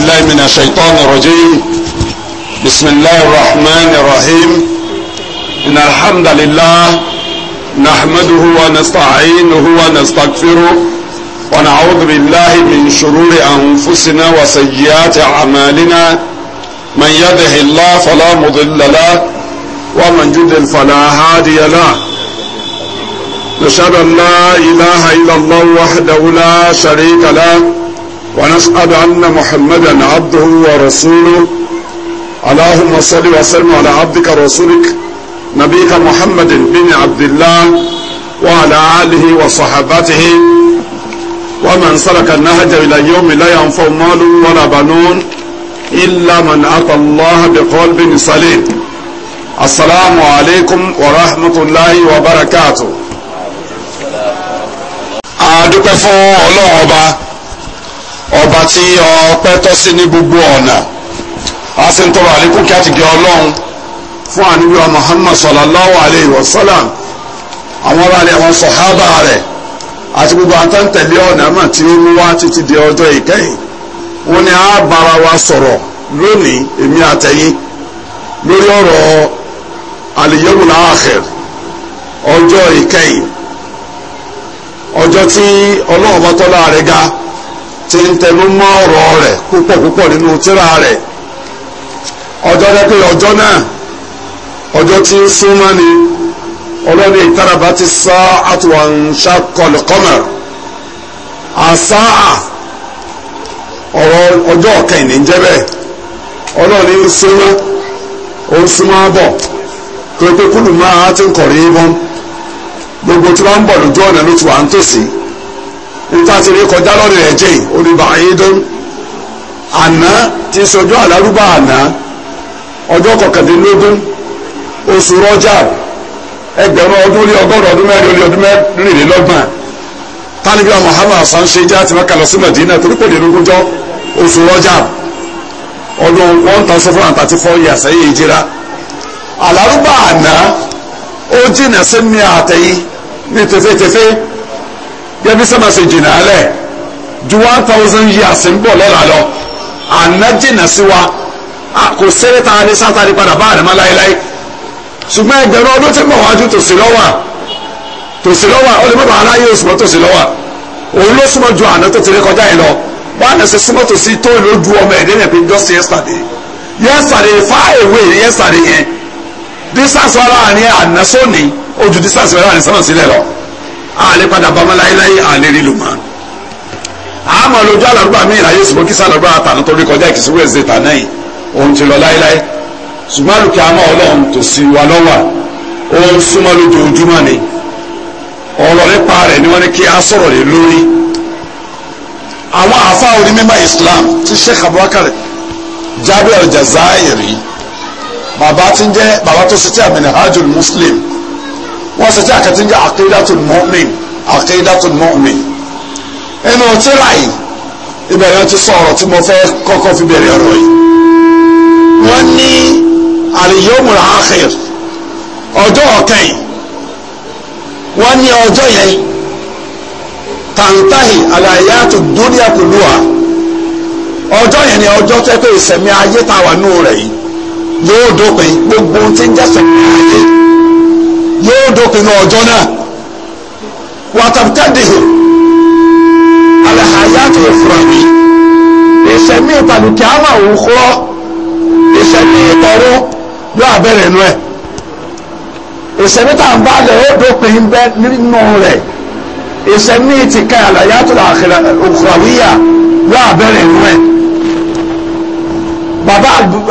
بالله من الشيطان الرجيم بسم الله الرحمن الرحيم إن الحمد لله نحمده ونستعينه ونستغفره ونعوذ بالله من شرور أنفسنا وسيئات أعمالنا من يده الله فلا مضل له ومن يضلل فلا هادي له نشهد أن لا إله إلا الله وحده لا شريك له ونشهد أن محمدا عبده ورسوله اللهم صل وسلم على عبدك ورسولك نبيك محمد بن عبد الله وعلى آله وصحابته ومن سلك النهج إلى يوم لا ينفع مال ولا بنون إلا من أتى الله بقلب سليم السلام عليكم ورحمة الله وبركاته أدوك فو الله ọba tí ọ tọ́ sí ní gbogbo ọ̀nà a sì ń tọrọ àlékún kí a ti gé ọlọ́run fún àníwá wa muhammad sallallahu alayhi wa sallam àwọn ará rẹ̀ àwọn sọ̀hábà rẹ̀ àti gbogbo àtàntẹ̀lé ọ̀nà mà tí ó mú wá títí di ọjọ́ ìkẹyìn wọn ni a bára wa sọ̀rọ̀ lónìí èmi àtẹ̀yìn lórí ọ̀rọ̀ àlìyéwòlá àkhir ọjọ́ ìkẹyìn ọjọ́ tí ọlọ́run bá tọ́lá rẹ̀ ga. ti ń tẹnu mọ́ ọ̀rọ̀ rẹ̀ púpọ̀ púpọ̀ nínú tírà rẹ̀ ọjọ́ dẹ́pẹ́ ọjọ́ náà ọjọ́ tí ń súnmọ́ ni ọlọ́ni ìtaraba ti sá àtúwànṣá kọlùkọ́mọ̀ àṣà ọ̀rọ̀ ọjọ́ ọ̀kẹ́yìn ní jẹ́bẹ̀ ọlọ́ni ń súnmọ́ ó ń súnmọ́ bọ̀ pé pé kúlù máa ti ń kọ̀rí bọ́n gbogbo tí wọ́n ń bọ̀ lójú ọ̀nà ló ti wà ń tòsí níta ti rí kọjá lọ́dọ̀ ẹ̀ jẹ́ olùbà ayédán àná ti sọjọ́ àlárúbá àná ọjọ́ kọkàndínlógún oṣù rọ́jà ẹgbẹ̀rún ọdún lé ọgọ́rùn ọdún mẹ́rin lé ọdún mẹ́rìnlélọ́gbọ̀n tánibíà Muhammad san ṣe jẹ́ àti mẹ́kàlọ́ sí Madina torí kò lè rúgúnjọ́ oṣù rọ́jà ọdún one thousand four hundred thirty four years ẹ̀yìn ìjìra àlárúbá àná ó jìnà sí mi àtẹ̀yìn ní tẹfẹ́tẹfẹ́ gẹ́gẹ́ sábà ṣe jìnnà alẹ́ ju one thousand years ń bọ̀ lọ́la lọ àná jìnnà sí wa kò sẹ́rẹ́ tá a ní sáta ní padà bá àdàmọ́ láéláé ṣùgbọ́n ẹgbẹ̀rún ọdún tí mọ̀ wájú tòsí lọ́wà tòsí lọ́wà ó lè mọ̀ bàálá yóò súnmọ́ tòsí lọ́wà òun ló súnmọ́ ju àná tó ti rí kọjá yìí lọ wọ́n á nà ṣe súnmọ́ tòsí tó ìlú ju ọmọ ẹ̀dẹ́ nẹ̀ pé just yesterday yesterday far away yesterday yẹn distance wà láàrin àná sóni ó ju distance wà láàrin sọ́nà sílẹ̀ lọ àlè padà bàmọ́ láéláé àlè rí lò mọ́ àmọ́ lójú àlàrúbà mi ìráyè ṣùgbọ́n kí sàlọ́gbà àtàná tó rí kọjá ìkìsí wẹ̀ẹ́sì tàná yìí òun ti lọ láéláé ṣùgbọ́n àlùkí àmọ́ ọlọ́run tó sì wà lọ́wà ó súnmọ́ lójoojúmọ́ ni ọ̀rọ̀ nípa rẹ̀ ni wọ́n ní kí a sọ̀rọ̀ lé lórí àwọn àfa orí Islam ti Sheikh Abubakar Jabir al-Jazairi bàbá ti ń jẹ́ bàbá tó ṣe tí àmì ní hajj muslim wọ́n ṣe tí àkàtí ń jẹ́ aqidatul mu'min aqidatul mu'min inú tíra yìí ìbẹ̀rẹ̀ ti sọ̀rọ̀ tí mo fẹ́ kọ́kọ́ fi bẹ̀rẹ̀ ọ̀rọ̀ yìí wọ́n ní al-yawmul akhir ọjọ́ ọ̀kẹ́yìn wọ́n ní ọjọ́ yẹn tàǹtàhì àlàyàtò dúníà kulluha ọjọ́ yẹn ni ọjọ́ tẹ́ pé ìsẹ̀mí ayé tá nù rẹ̀ yìí yóò dópin gbogbo tí ń jẹ́ sẹ̀mí ayé yóò dópin ní ọjọ́ náà wàtàbítàdìhì alahayatu ìfúrami ìṣẹ̀mí ìtàlùkì àmà òwúkọ́ ìṣẹ̀mí ìtọ́rọ́ yóò abẹ́rẹ́ inú ẹ̀ ìṣẹ̀mí tá à ń bá lẹ̀ ó dópin bẹ́ nínú rẹ̀ ìṣẹ̀mí ìtìkà alahayatu òkúrawíyà yóò abẹ́rẹ́ inú ẹ̀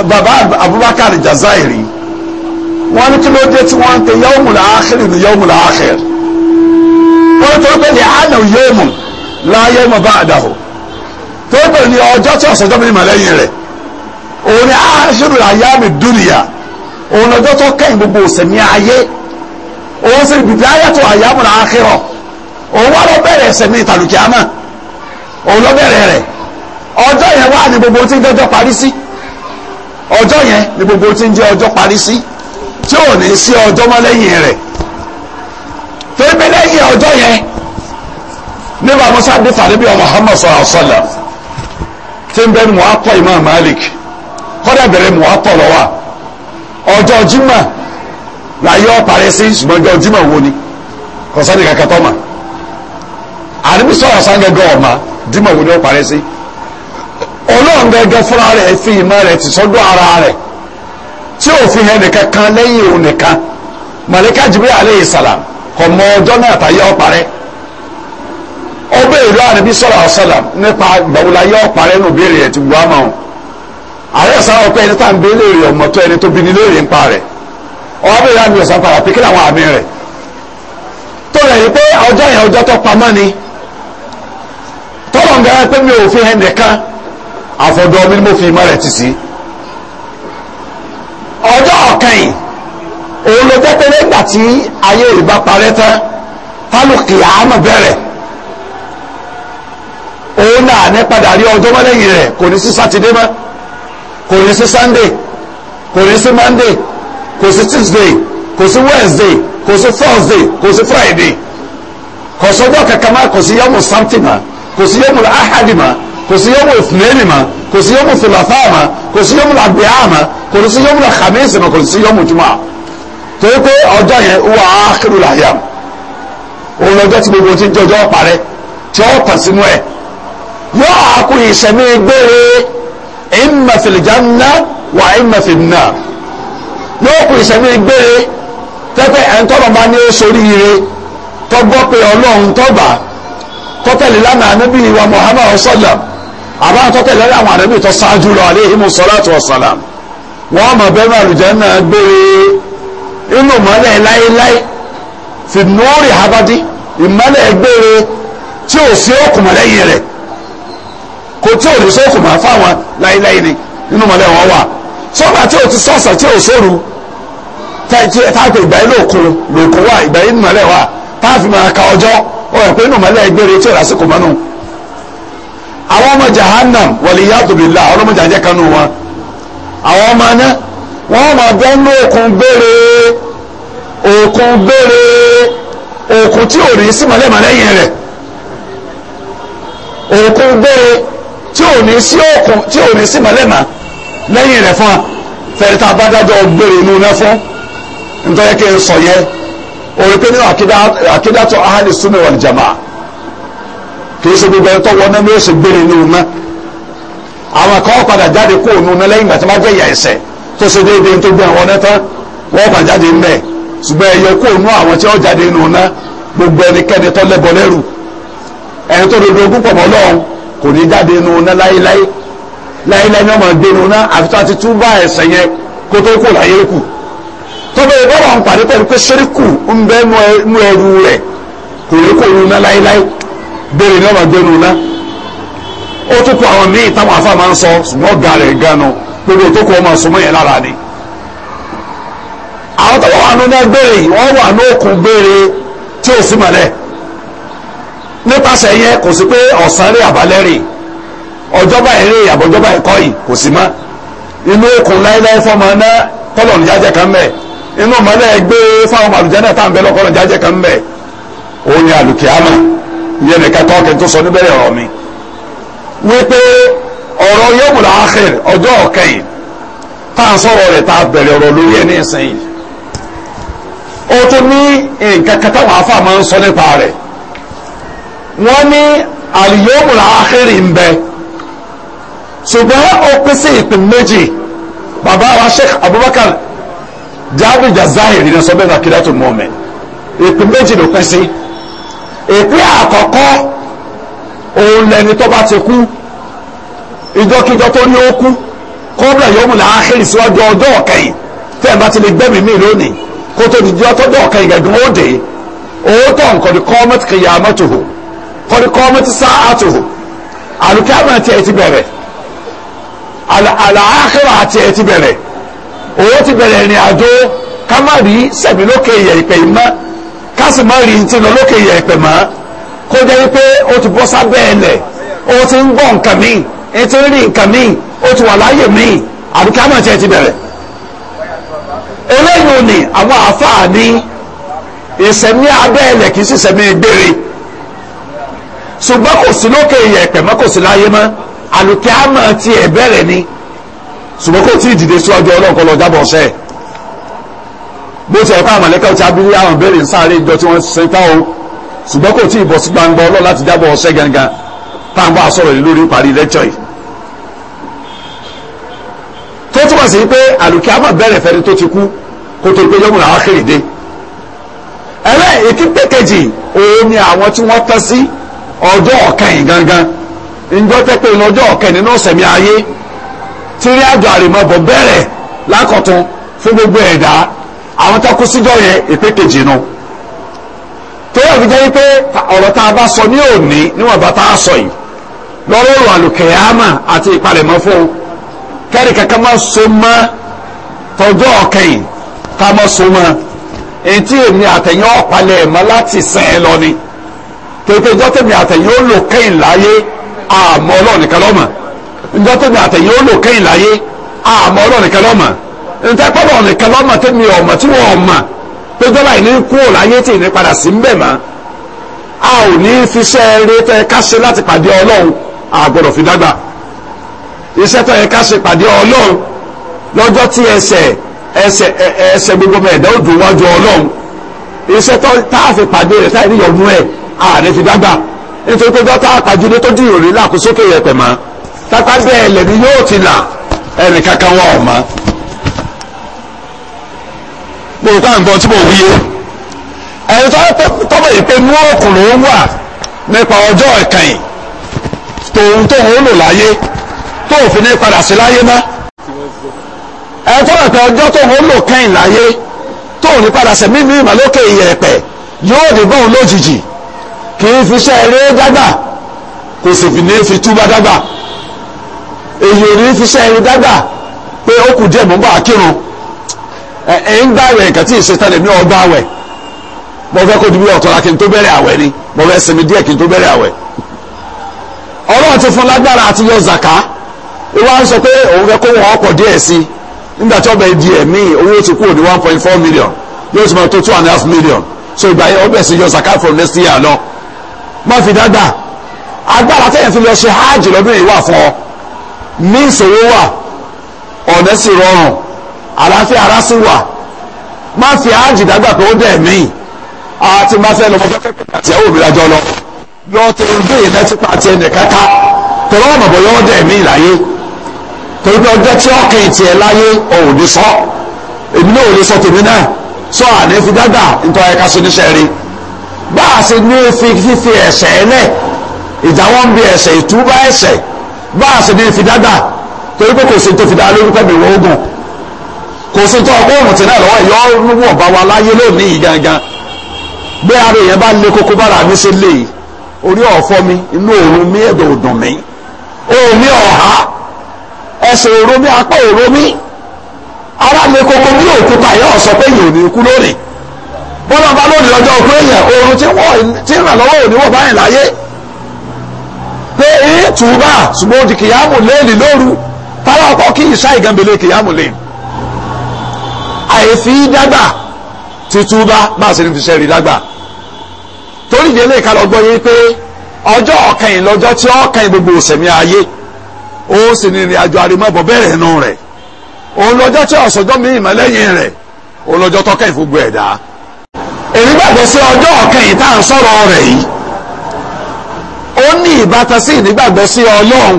bàbá Abubakar Jazairi wọ́n ní kí ló dé tí wọ́n ń pe yawmul akhir ní yawmul akhir wọ́n tó pé ní àná yawmu la yawma ba'dahu tó pè ní ọjọ́ tí ọ̀sẹ̀ jọ́mi ní màlẹ́yìn rẹ̀ òun ni akhirul ayami dunya òun ọjọ́ tó kẹ́yìn gbogbo òsèmí ayé òun sì bidayatu ayyamul akhira òun wá lọ bẹ̀rẹ̀ ẹ̀sẹ̀mí ìtàlùkìámà òun lọ bẹ̀rẹ̀ rẹ̀ ọjọ́ yẹn wà ní gbogbo tí ń jẹ́ ọjọ́ parí sí ọjọ́ yẹn ní gbogbo tí ń jẹ́ ọjọ́ parí sí. tí ò ní sí ọjọ́ mọ́ lẹ́yìn rẹ̀ torí pé lẹ́yìn ọjọ́ yẹn nígbà musa dé fàdébí ọmọ Muhammad sọ sọ̀lá tí ń bẹ akọ Malik kọ́dà bẹ̀rẹ̀ mu akọ lọ́wọ́ ọjọ́ jimá láyé ọ̀parẹ́ sí ṣùgbọ́n ọjọ́ jimá wo ni kọ̀sánì ọ̀ma jimá wo ni ọ̀parẹ́ sí ọlọ́run gẹ́gẹ́ fúnra rẹ̀ fi ìmọ̀ rẹ̀ ti tí òfin ẹnìkan kan lẹ́yìn òun nìkan màlíkà Jibril aleyhi salam ọmọ ọjọ́ náà tàyé ọ̀parẹ́ ọbẹ̀ ìlú àrẹ̀bí sọ̀rọ̀ nípa ọ̀parẹ́ nù ti ẹni tá ń ọmọ tó ẹni tó ní léèrè ń pa rẹ ọwọ́ abẹ́rẹ́ àmì ọ̀sán para pé kí làwọn àmì rẹ̀ tó rẹ̀ yìí pé ni ń pé mi ò fi hẹ́ nìkan àfọ̀dọ́ mi ni mo fi ti sí nǹkan yìí òun ló jẹ́ pé nígbà tí ayé ìbá parẹ́ tán tálùkì àmọ́ bẹ̀rẹ̀ òun náà ní padà rí ọjọ́ mọ́ lẹ́yìn rẹ̀ kò ní sí sátidé mọ́ kò ní sí sunday kò ní sí monday kò sí tuesday kò sí wednesday kò sí thursday kò sí friday kò sọ́jọ́ kankan má kò sí yọmù samti má kò sí yọmù ahadi má kò sí yóò mú ìfúnlẹ́nì mọ́ kò sí yóò mú fìlàfà mọ́ kò sí yóò mú làgbéyà mọ́ kò sí yóò mú làkàmẹ́sì mọ́ kò sí yóò mú jùmọ̀ torí pé ọjọ́ yẹn wà á kérò làyà òun lọ́jọ́ tí gbogbo ti jọjọ́ parẹ́ tí ó tàn sínú ẹ̀ yóò àkú ìṣẹ̀mí gbére imma fil janna wa imma ìṣẹ̀mí gbére tẹ́pẹ́ ẹ̀ tọ́tẹ̀lélánà níbi ìwà Muhammad sallam àbáwọn tó tẹ̀lé àwọn ànábì tó ṣáájú lọ alayhimu salatu wassalam wọ́n mọ̀ bẹ́ẹ̀ àlùjánnà gbére inú mọ́lẹ̀ láéláé fi nóòrì abadi ìmọ́lẹ̀ gbére tí ò sí òkùn mọ́ lẹ́yìn rẹ̀ kò tí ò ní sókùn mọ́ fáwọn láéláé ni inú mọ́lẹ̀ wọn wà sọ́gbà tí ò ti sọ̀sọ̀ tí ò sóru táàpì ìgbà yìí lòkun lòkun wà ìgbà yìí mọ́lẹ̀ wà táàfin máa ka ọjọ́ ó àwọn ọmọ jahannam waliyadu billah àwọn ọmọ jàǹjẹ́ kanú wọn àwọn ọmọ aná wọ́n mọ̀ bẹ́ẹ̀ ní òkun gbére òkun gbére òkun tí ò rí sí mọ̀lẹ́mọ̀lẹ́yìn rẹ̀ òkun gbére tí ò ní sí òkun tí ò ní sí mọ̀lẹ́mọ̀ lẹ́yìn rẹ̀ fún wa fẹ́rẹ́ tá a bá dájọ́ gbére inú náà fún nítorí kí n sọ yẹ òrùpé nínú àkídàtọ̀ ahli sunnah wal jamaa. kì í ṣe gbogbo ẹni tó wọ náà ni ó sì gbére ní padà jáde kó òun náà lẹ́yìn ìgbà tí wọ́n jẹ́ ìyà tó ṣe déédéé tó gbé àwọn náà tán wọ́n jáde ńbẹ̀ ṣùgbọ́n ẹ̀yẹ kó àwọn jáde gbogbo ẹnikẹ́ni tó lẹ́rù ẹni tó jáde ni wọ́n máa gbé àfi bèrè ní ọmọ gbẹnu ná ó tún kó àwọn míì táwọn afa máa ń sọ ṣùgbọ́n ọ̀gá rẹ̀ ganu lórí ètò kó ọmọ sọmọ yẹn lára ni àwọn táwọn wà nínú bèrè wọ́n wà ní òkun bèrè tí ò sí mọ̀lẹ́ nípasẹ̀ yẹn kò sí pé ọ̀sán rí àbálẹ́ rè ọjọ́bà eré àbọ̀jọ́bà ẹ̀kọ́ yìí kò sí mọ́ inú òkun láéláé fọmọ náà kọ́lọ̀ ní jájẹ́ kan mẹ́ẹ̀ inú mọ́lẹ́ gbé fáwọn àlùjẹ́ náà jájẹ́ kan mẹ́ẹ̀ òun ni àlùkìá ní ẹnìkan kọ́ kí n tó sọ níbẹ̀rẹ̀ ọ̀rọ̀ mi wípé ọ̀rọ̀ yóò láàkìr ọjọ́ ọ̀kẹyìn tá a sọ̀rọ̀ rẹ̀ tá a bẹ̀rẹ̀ ọ̀rọ̀ lórí ẹni ìsìn ó tún ní nǹkan kan táwọn afá máa ń sọ nípa rẹ̀ wọ́n ní àlìyóò láàkìr ń bẹ ṣùgbọ́n ó pín sí ìpín méjì bàbá wa Sheikh Abubakar Jabir Jazairi ní sọ bẹ́ẹ̀ ní akídàtú mọ́mẹ́ ìpín méjì ló pín sí èpè àkọ́kọ́ òun lẹni tó bá ti kú ìjọkíjọ tó ní ó kú kọ́bùrà yóò mú làákìrì síwájú ọjọ́ ọ̀kẹyìn tẹ́ ẹ̀ bá ti lè gbẹ́mìí mi lónìí kó tó di ọjọ́ tọ́jọ́ ọ̀kẹyìn gẹ̀gùn ó dé òótọ́ nǹkan ni kọ́mẹ́tì kìyà mọ́tòhò kọ́ni kọ́mẹ́tì sáàtòhò àlùkàmà àti ẹ̀ ti bẹ̀rẹ̀ àlàákìrà àti ẹ̀ ti bẹ̀rẹ̀ òó bẹ̀rẹ̀ ìrìn àjò kámárì sẹ̀mí ìyẹ̀ ìpè ìmọ̀ kásì má rí ti lọ lókè yẹ̀pẹ̀ mọ́ kó jẹ́ wípé ó ti bọ́ sábẹ́ ẹlẹ̀ ó ti ń gbọ́ nǹkan míì ó ti ń rí nǹkan míì ó ti wà láyè míì àbíkí àmọ̀ tiẹ̀ ti bẹ̀rẹ̀ eléyìí ò ní àwọn àáfàá ní ìsẹ̀mí abẹ́ ẹlẹ̀ kì í sì sẹ̀mí gbére ṣùgbọ́n kò sí lókè yẹ̀pẹ̀ mọ́ kò sí láyé mọ́ àlùkí àmọ̀ tiẹ̀ bẹ̀rẹ̀ ni ṣùgbọ́n kò tí ì dìde sí ọjọ́ ọlọ́kọlọ jábọ̀ ọ̀sẹ̀ ẹ̀ bó ti ẹ̀kọ́ àmọ̀lẹ́kẹ́ ti abiri àwọn béèrè sáré ìjọ tí wọ́n ṣe tá o ṣùgbọ́n kò tí ì bọ̀ sí gbangba ọlọ́ láti jábọ̀ ọ̀sẹ́ gangan tá à ń bá a sọ̀rọ̀ lórí parí lẹ́kṣọ̀ yìí. tó túmọ̀ sí pé àlùkí àmọ̀ bẹ̀rẹ̀ fẹ́ni tó ti kú kó tó gbé yọ̀mùnà ákèrè dé. ẹ̀rẹ́ ìkíkẹ́ kejì òun ni àwọn tí wọ́n tán sí ọjọ́ ọ̀kẹ́yìn gangan ǹjọ́ tẹ́ pé lọ́jọ́ ọ̀kẹ́ nínú ọ̀sẹ̀mí ayé tí rí àjọ àrèmọ́bọ̀ bẹ̀rẹ̀ lákọ̀tún fún àwọn tó kú síjọ́ yẹn ìpín kejì nu torí àwọn ìjẹ́ wípé ọ̀rọ̀ tá a bá sọ ní òní níwọ̀nba tá a sọ yìí lọ́rọ̀ òrò àlùkẹ́yàmà àti ìpalẹ̀mọ́ fún kẹ́rì kankan máa so mọ́ tọjọ́ ọ̀kẹ́yìn ká máa so mọ́ èyí èmi àtẹ̀yìn ọ̀palẹ̀ mọ́ láti sìn ẹ́ lọ ni tètè ìjọ́ tèmi àtẹ̀yìn ó lò kẹ́yìn láyé àmọ́ ọlọ́ọ̀nìkan lọ́mọ̀ ìjọ́ tèmi àtẹ̀yìn ó lò kẹ́yìn láyé àmọ́ ọlọ́ọ̀nìkan lọ́mọ̀ níta pọ́lọ̀ nìkan lọ́mọ tẹ́mi ọ̀mọ̀ tí wọ́n ọ̀mọ̀ pé dọ́là ìní kúrò láyé tí ìní padà sí ń mọ́ a ò ní fi iṣẹ́ eré tẹ́ ká ṣe láti pàdé ọlọ́run a gbọ́dọ̀ fi dágbà iṣẹ́ tẹ́ ká ṣe pàdé ọlọ́run lọ́jọ́ tí ẹsẹ̀ ẹsẹ̀ ẹsẹ̀ gbogbo mẹ́ẹ̀dá òdùn wájú ọlọ́run iṣẹ́ tá a fi pàdé rẹ̀ táyì níyọ̀nú ẹ̀ a ní fi dágbà nítorí pé dọ́tà àpàjùdé tó dìrò rí làkúsókè yẹpẹ̀ mọ́ tápá bẹ́ẹ̀ lẹ́ni yóò ti là ẹnì kankan wọ́n ọ̀ mọ́ mo rò pé à ń gbọ́ tí mo wíyé ẹni tọ́mọ̀ yìí pé inú òkùn ló wà nípa ọjọ́ ìkẹyìn tòun tóun ó lò láyé tóun fi ní padà sí láyé ná ẹni tọ́mọ̀ pé ọjọ́ tóun ó lò kẹ́yìn láyé tóun ní padà sẹ̀mí mi ìmàlókè ìyẹ̀pẹ̀ yóò dé bóun lójijì kì í fi iṣẹ́ eré dàgbà kò sì fi ní fi túbá dàgbà èyí ò ní fi iṣẹ́ eré dàgbà pé ó kù díẹ̀ mọ́ bá a kírun. ẹ̀ ń gbàwẹ̀ nǹkan tí ìṣetán lèmi náà kó di bí ọ̀tọ̀ra kí n tó bẹ̀rẹ̀ awẹ ni mo fẹ́ sinmi díẹ̀ kí n tó bẹ̀rẹ̀ àwẹ̀ ọlọ́run ti fún lágbára àti yọ zaka ìwà sọ pé òun fẹ́ kó wọn ọkọ díẹ̀ sí nígbà tí ọbẹ̀ di ẹ̀mí owó ti kúrò ní one point million yóò million so ìgbà yọ from next year lọ má fi fi lọ ṣe hajj wà fún ọ ní wà àlàáfíà ara sì wà má fi ájì dágbà pé ó dẹ̀ mí àti má fẹ́ lọ fẹ́ fẹ́ pẹ̀lú àti ẹ̀wò mi lájọ lọ lọ tẹ ojú èyí náà tipa àti ẹnì kẹta tọrọ ọmọ bọyọ ọdẹ mi láyé torí pé ọjọ́ tí ọkàn ìtì ẹ láyé òun ní sọ èmi náà ò lè sọ tèmi náà sọ àní fi dágbà nítorí ẹ̀ka sí oníṣẹ́ rí bá a ṣe ní fífi ẹ̀ṣẹ̀ ẹ̀ lẹ̀ ìdáwọ́ ń bi ẹ̀ṣẹ̀ ìtúbà ẹ̀ṣẹ̀ bá a ṣe ní fi dágbà torí pé kò sí tó fi dá lórúkọ mi wọ́n kò sí tó ọgbọ́n òmùtí náà lọ́wọ́ ìyọ́ níwọ̀n bá wa láyé lónìí gangan bí ara èèyàn bá lé kókó mi ṣe lè orí ọ̀fọ́ mi inú òru mi ẹ̀dọ̀ mi ọ̀há ẹsẹ̀ òru mi apá òru mi ara lé kókó bí òkúta yẹ ọ̀sọ́ pé yìí ò ní kú lónìí bọ́lá bá lónìí ọjọ́ òkú èèyàn òru tí ń ràn àìfi dàgbà títúbà bá a ṣe ní fi ṣe rí dàgbà torí ìdílé ìkàlọ́ gbọ́ yé pé ọjọ́ ọ̀kẹyìn lọ́jọ́ tí ọ̀kẹyìn gbogbo òsèmí ayé ó sì ní ìrìn àjò àrèmọ́bọ̀ nù rẹ̀ òun lọ́jọ́ tí ọ̀sọ́jọ́ mi ìmọ̀ lẹ́yìn rẹ̀ òun lọ́jọ́ tọ́kẹyìn fún gbogbo ẹ̀dá èmi gbàgbọ́ sí ọjọ́ ọ̀kẹyìn tá à ń sọ̀rọ̀ rẹ̀ yìí ó ní ìbátan sí ìnígbàgbọ́ sí ọlọ́run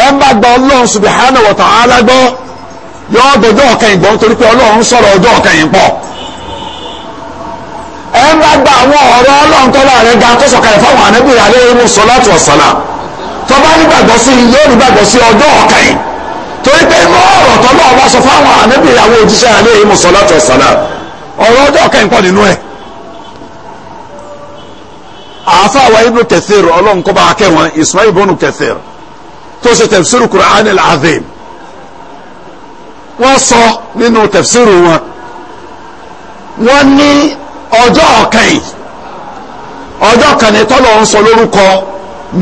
ẹ̀ ń bá gba ọlọ́run subhanahu wa ta'ala gbọ́ yóò dọjọ́ ọ̀kẹyìn gbọ́ nítorí pé ọlọ́run sọ̀rọ̀ ọjọ́ ọ̀kẹyìn pọ̀ ẹ ń bá gba àwọn ọ̀rọ̀ ọlọ́run tọ́lá rẹ̀ ga tó sọ̀kalẹ̀ fáwọn ànábì rẹ̀ alẹ́ mú sọ láti ọ̀sánà tó bá nígbàgbọ́ sí i yóò nígbàgbọ́ sí ọjọ́ ọ̀kẹyìn torí pé inú ọ̀rọ̀ tọ́lá ọba sọ fáwọn ànábì àwọn òjíṣẹ́ alẹ́ mú sọ láti ọ̀sánà ọ̀rọ̀ ọjọ́ ọ̀kẹyìn nínú ẹ̀ àáfàá wa ibnu Kathir ọlọ́run kọ́ bá akẹ́wọn Ismail ibnu tó ṣe tafsir Qur'an wọ́n sọ nínú tafsiru wọn wọ́n ní ọjọ́ ọ̀kẹ́yìn ọjọ́ kẹni tọ́lọ̀ ń sọ lórúkọ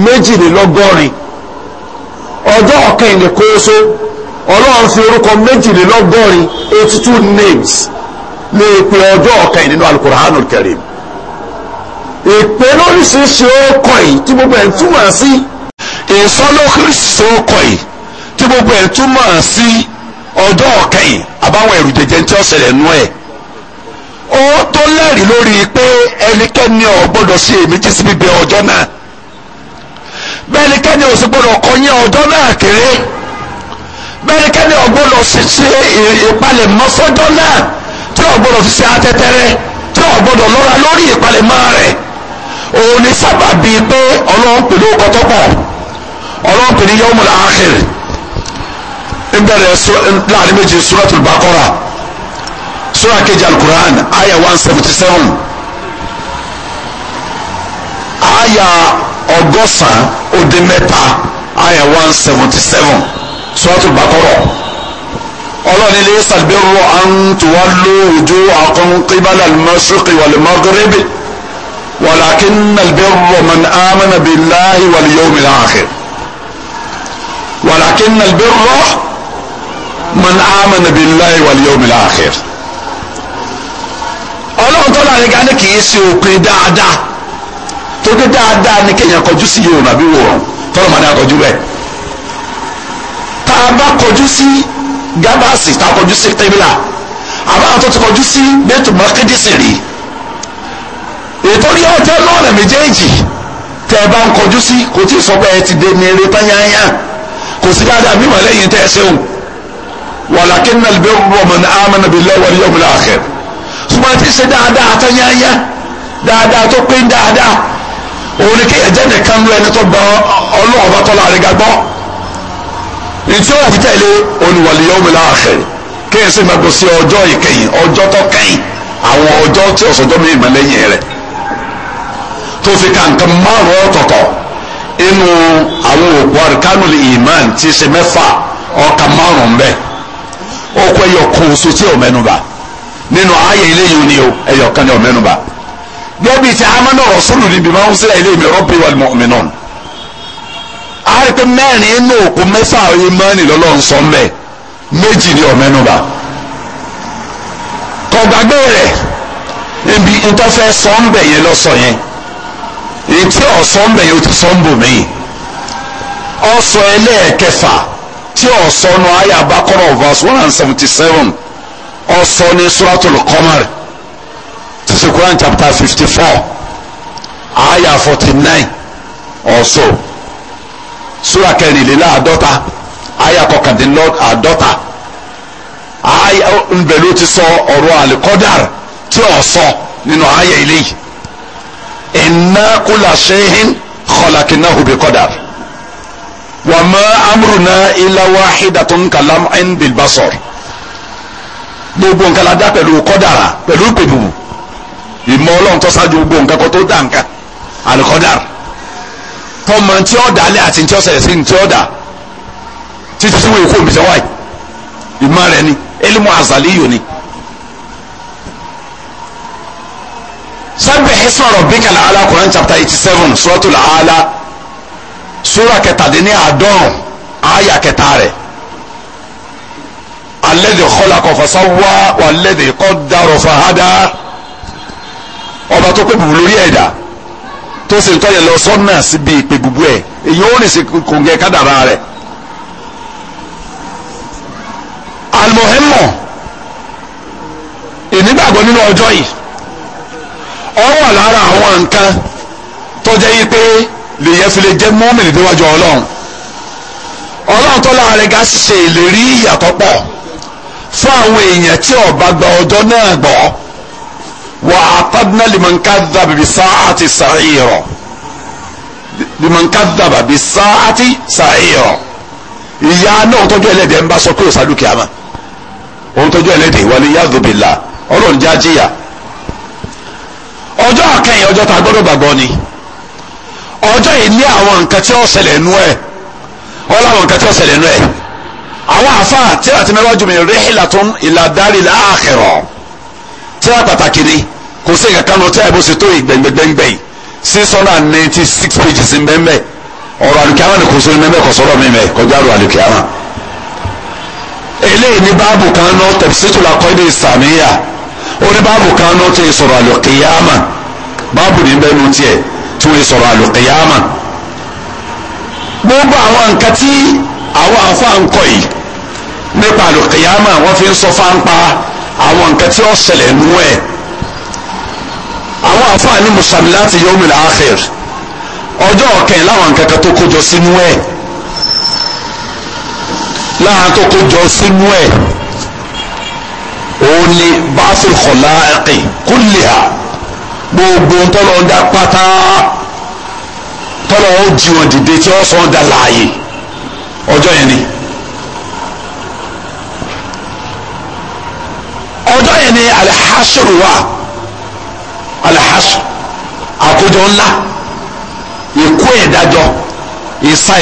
méjìlélọ́gọ́rin ọjọ́ ọ̀kẹ́yìn ní kóso ọlọ́run fi orúkọ méjìlélọ́gọ́rin eighty two names lè pe ọjọ́ ọ̀kẹ́yìn nínú alukur'anul karim ìpè lóríṣiríṣi ọkọ̀ yìí tí gbogbo ẹ̀ ń túmọ̀ sí ìsọlóríṣiríṣi ọkọ̀ yìí tí gbogbo ẹ̀ ń túmọ̀ sí ọjọ́ ọ̀kẹyìn àbáwọn ẹ̀rù jẹjẹ tí ó ṣẹlẹ̀ nú ẹ̀ ó tó lẹ́rìí lórí pé ẹnikẹ́ni ò gbọ́dọ̀ sí èmi jí síbi bẹ ọjọ́ náà bẹ́ẹ̀nikẹ́ni ò sì gbọ́dọ̀ kọyín ọjọ́ náà kéré bẹ́ẹ̀nikẹ́ni ò gbọ́dọ̀ sì ṣe ìpalẹ̀mọ́ sọ́jọ́ náà tí ò gbọ́dọ̀ fi ṣe atẹ́tẹ́rẹ́ tí ò gbọ́dọ̀ lọ́ra lórí ìpalẹ̀mọ́ rẹ̀ òun ni sábàbí pé ọlọ́run pẹ̀lú ọkọ̀ tọ́pọ̀ ọlọ́run pẹ̀lú yọ́mùlá áhìrì ń bẹ̀rẹ̀ láàrin méjì suratul Baqara sura kejì alukur'an aya one seventy seven aya ọgọ́sàn ó dín mẹ́ta aya one seventy seven suratul Baqara ọlọ́ni lè sàgbérò àǹtùwá lóòjó àkọ́ńkíbálà al-mashriqi wal-maghribi walakin albirro man amana billahi wal yawmil akhir walakin albirro. من آمن بالله واليوم الآخر. akhir ọlọ́run tó láàrin gan ni kì í ṣe òpin dáadáa tó dé dáadáa ni kéèyàn kọjú sí yòòrùn àbí wòrán tọ́lọ́mọ ní akọjú bẹ́ẹ̀ tá a bá kọjú sí gábàásì tá a kọjú sí tẹ́bílà àbáwọn tó ti kọjú sí bẹ́tù mọ́kídísì rí ètò rí ọjọ́ lọ́nà méjèèjì tẹ́ ẹ bá ń kọjú sí kò tí ì sọ pé ẹ ti dé ní eré tányányá kò sí dáadáa mímọ́ lẹ́yìn tẹ́ ẹ ṣeun walakin albirru man amana billahi wal yawmil akhir ṣùgbọ́n ti ṣe dáadáa tán yáyá dáadáa tó pín dáadáa òun ni kéèyàn jẹ́ nìkan ló ẹni tó gbọ́ ọlọ́ọ̀bá tó láàrin gbàgbọ́ ìtí òun fi tẹ̀lé olùwàlì yawmil akhir kéèyàn sì gbàgbọ́ sí ọjọ́ ìkẹyìn ọjọ́ tó kẹyìn àwọn ọjọ́ tí ọ̀sọ̀jọ́ mi ìmọ̀ lẹ́yìn rẹ̀ tó fi ka nǹkan márùn ọ̀tọ̀ọ̀tọ̀ inú àwọn òkú àríkánù ìmọ̀ ti ṣe mẹ́fà ọ̀ka márùn bẹ́ẹ̀ ọkọ ẹyọ kan oṣù tí ò mẹ́nubà nínú ààyè eléyìí ni o ẹyọ kan ni ò mẹ́nubà gẹ́bí ti amánà rọ̀súlù níbi máa ń sílẹ̀ ilé mi rọ́bì wà mọ́mìnàn àárẹ̀pẹ́ mẹ́rin inú òkú mẹ́fà ìmánì lọ́lọ́run sọ mẹ́ méjì ni ò mẹ́nubà kọ̀gbàgbé rẹ̀ ibi ntọ́fẹ́ sọ ń bẹ̀ yẹn lọ́sọ̀ yẹn ètí ọ̀sọ́ yẹn o ti sọ mí ọ̀sọ̀ ẹlẹ́ẹ̀kẹfà tí ọ̀sọ́ nu ayé abakọ́rọ̀ verse one hundred seventy seven ọ̀sọ́ ní suratul Qamar sisi Quran chapter fifty four ayé forty nine ọ̀sọ́ sura kẹrìnléláàádọ́ta ayé kọkàndínláàádọ́ta ayé nbẹ̀lú ti sọ ọ̀rọ̀ alikọ́dàr tí ọ̀sọ́ nínú ayé eléyìí inna kulla shay'in wa ma amruna illa wahidatun kalam'in bil basar gbogbo nǹkan la dá pẹ̀lú kọ́dàrà pẹ̀lú ìpèbùbù ìmọ̀ ọlọ́run tó ṣáájú gbogbo nǹkan kan tó dá nǹkan àlùkọ́dàrà tọmọ tí ó dà lé àti tí ó ṣẹlẹ̀ sí tí ó dà títí tí wọ́n èkó mi sẹ́wọ́ àyè ìmọ̀ rẹ̀ ni elimu azaliyo ni. sabbih isma rabbikal a'la Quran chapter eighty seven suratul a'la sura kẹtàdínní àádọ́rùn àyà kẹta rẹ̀ alladhi khalaqa fasawwa walladhi qaddara fahada ọba tó pé bùbù lórí ẹ̀dá tó sì ń tọ́yẹ̀ lọ sọ́nà síbi ìpè gbogbo ẹ̀ èyí ó rìn kòǹgẹ́ kádàrá rẹ̀ almohemmo ìnígbàgbọ́ nínú ọjọ́ yìí ọ wà àwọn nǹkan tó jẹ́ pé lèyẹ fi lè jẹ́ mọ́mìnì déwájú ọlọ́run ọlọ́run tọ́lá rẹ̀ ga ṣe ìlérí ìyàtọ̀ pọ̀ fún àwọn èèyàn tí ọba gba ọjọ́ náà gbọ́ wà á tàdínà lèmọ̀nká dàbí bí sáàtì sàìrọ̀ lèmọ̀nká dàbà bí sáàtì sàìrọ̀ ìyá náà tọ́jú ẹlẹ́dẹ̀ ń bá sọ pé òsàlùkìá mà òun tọ́jú ẹlẹ́dẹ̀ wọlé yàgòbìlà ọlọ́run jájíyà ọjọ́ àkẹyìn ọjọ́ tá gbọ́dọ̀ gbàgbọ́ ni ọjọ́ yìí ní àwọn nǹkan tí ó ṣẹlẹ̀ nú ẹ̀ wọ́n láwọn nǹkan tí ó ṣẹlẹ̀ nú ẹ̀ àwọn àfa tí àti mẹ́wàá jù mí rihlatun ila daril akhirah tí wọ́n pàtàkì ni kò sí ìkàkà lọ tí àìbó ṣe tó ìgbẹ̀ngbẹ̀ngbẹ̀ yìí six hundred and ninety six pages ń bẹ́ẹ̀ bẹ́ẹ̀ ọ̀rọ̀ àlùkìyàmá ni kò sóri mẹ́mẹ́ kò sọ̀rọ̀ mímẹ́ kọjá ọ̀rọ̀ àlùkìyàmá. eléyìí ní báàbù kan náà tafsitul aqaidi islamiyya ó ní báàbù kan náà ti sọ̀rọ̀ àlùkìyàmá báàbù ní bẹ́ẹ̀ nu tiẹ̀ tí wọ́n sọ̀rọ̀ àlùkìyàmà gbogbo àwọn nǹkan tí àwọn afáǹkọ yìí nípa àlùkìyàmà wọ́n fi ń sọ fáńpá àwọn nǹkan tí ó ṣẹlẹ̀ nú ẹ̀ àwọn afáàní musamilati yomil akhir ọjọ́ ọ̀kẹ́yìn láwọn nǹkan kan tó kójọ sínú ẹ̀ láwọn tó kójọ sínú ẹ̀ òun ni báṣul khalaiqi kulliha. gbogbo tọ́lọ̀ ọ̀dà pátá tọ́lọ̀ ó jí dìde tí ó sọ da láàyè ọjọ́ yẹn ni. ọjọ́ yẹn ni alihasuru wa alihasuru àkójọ ńlá ìkó ìsa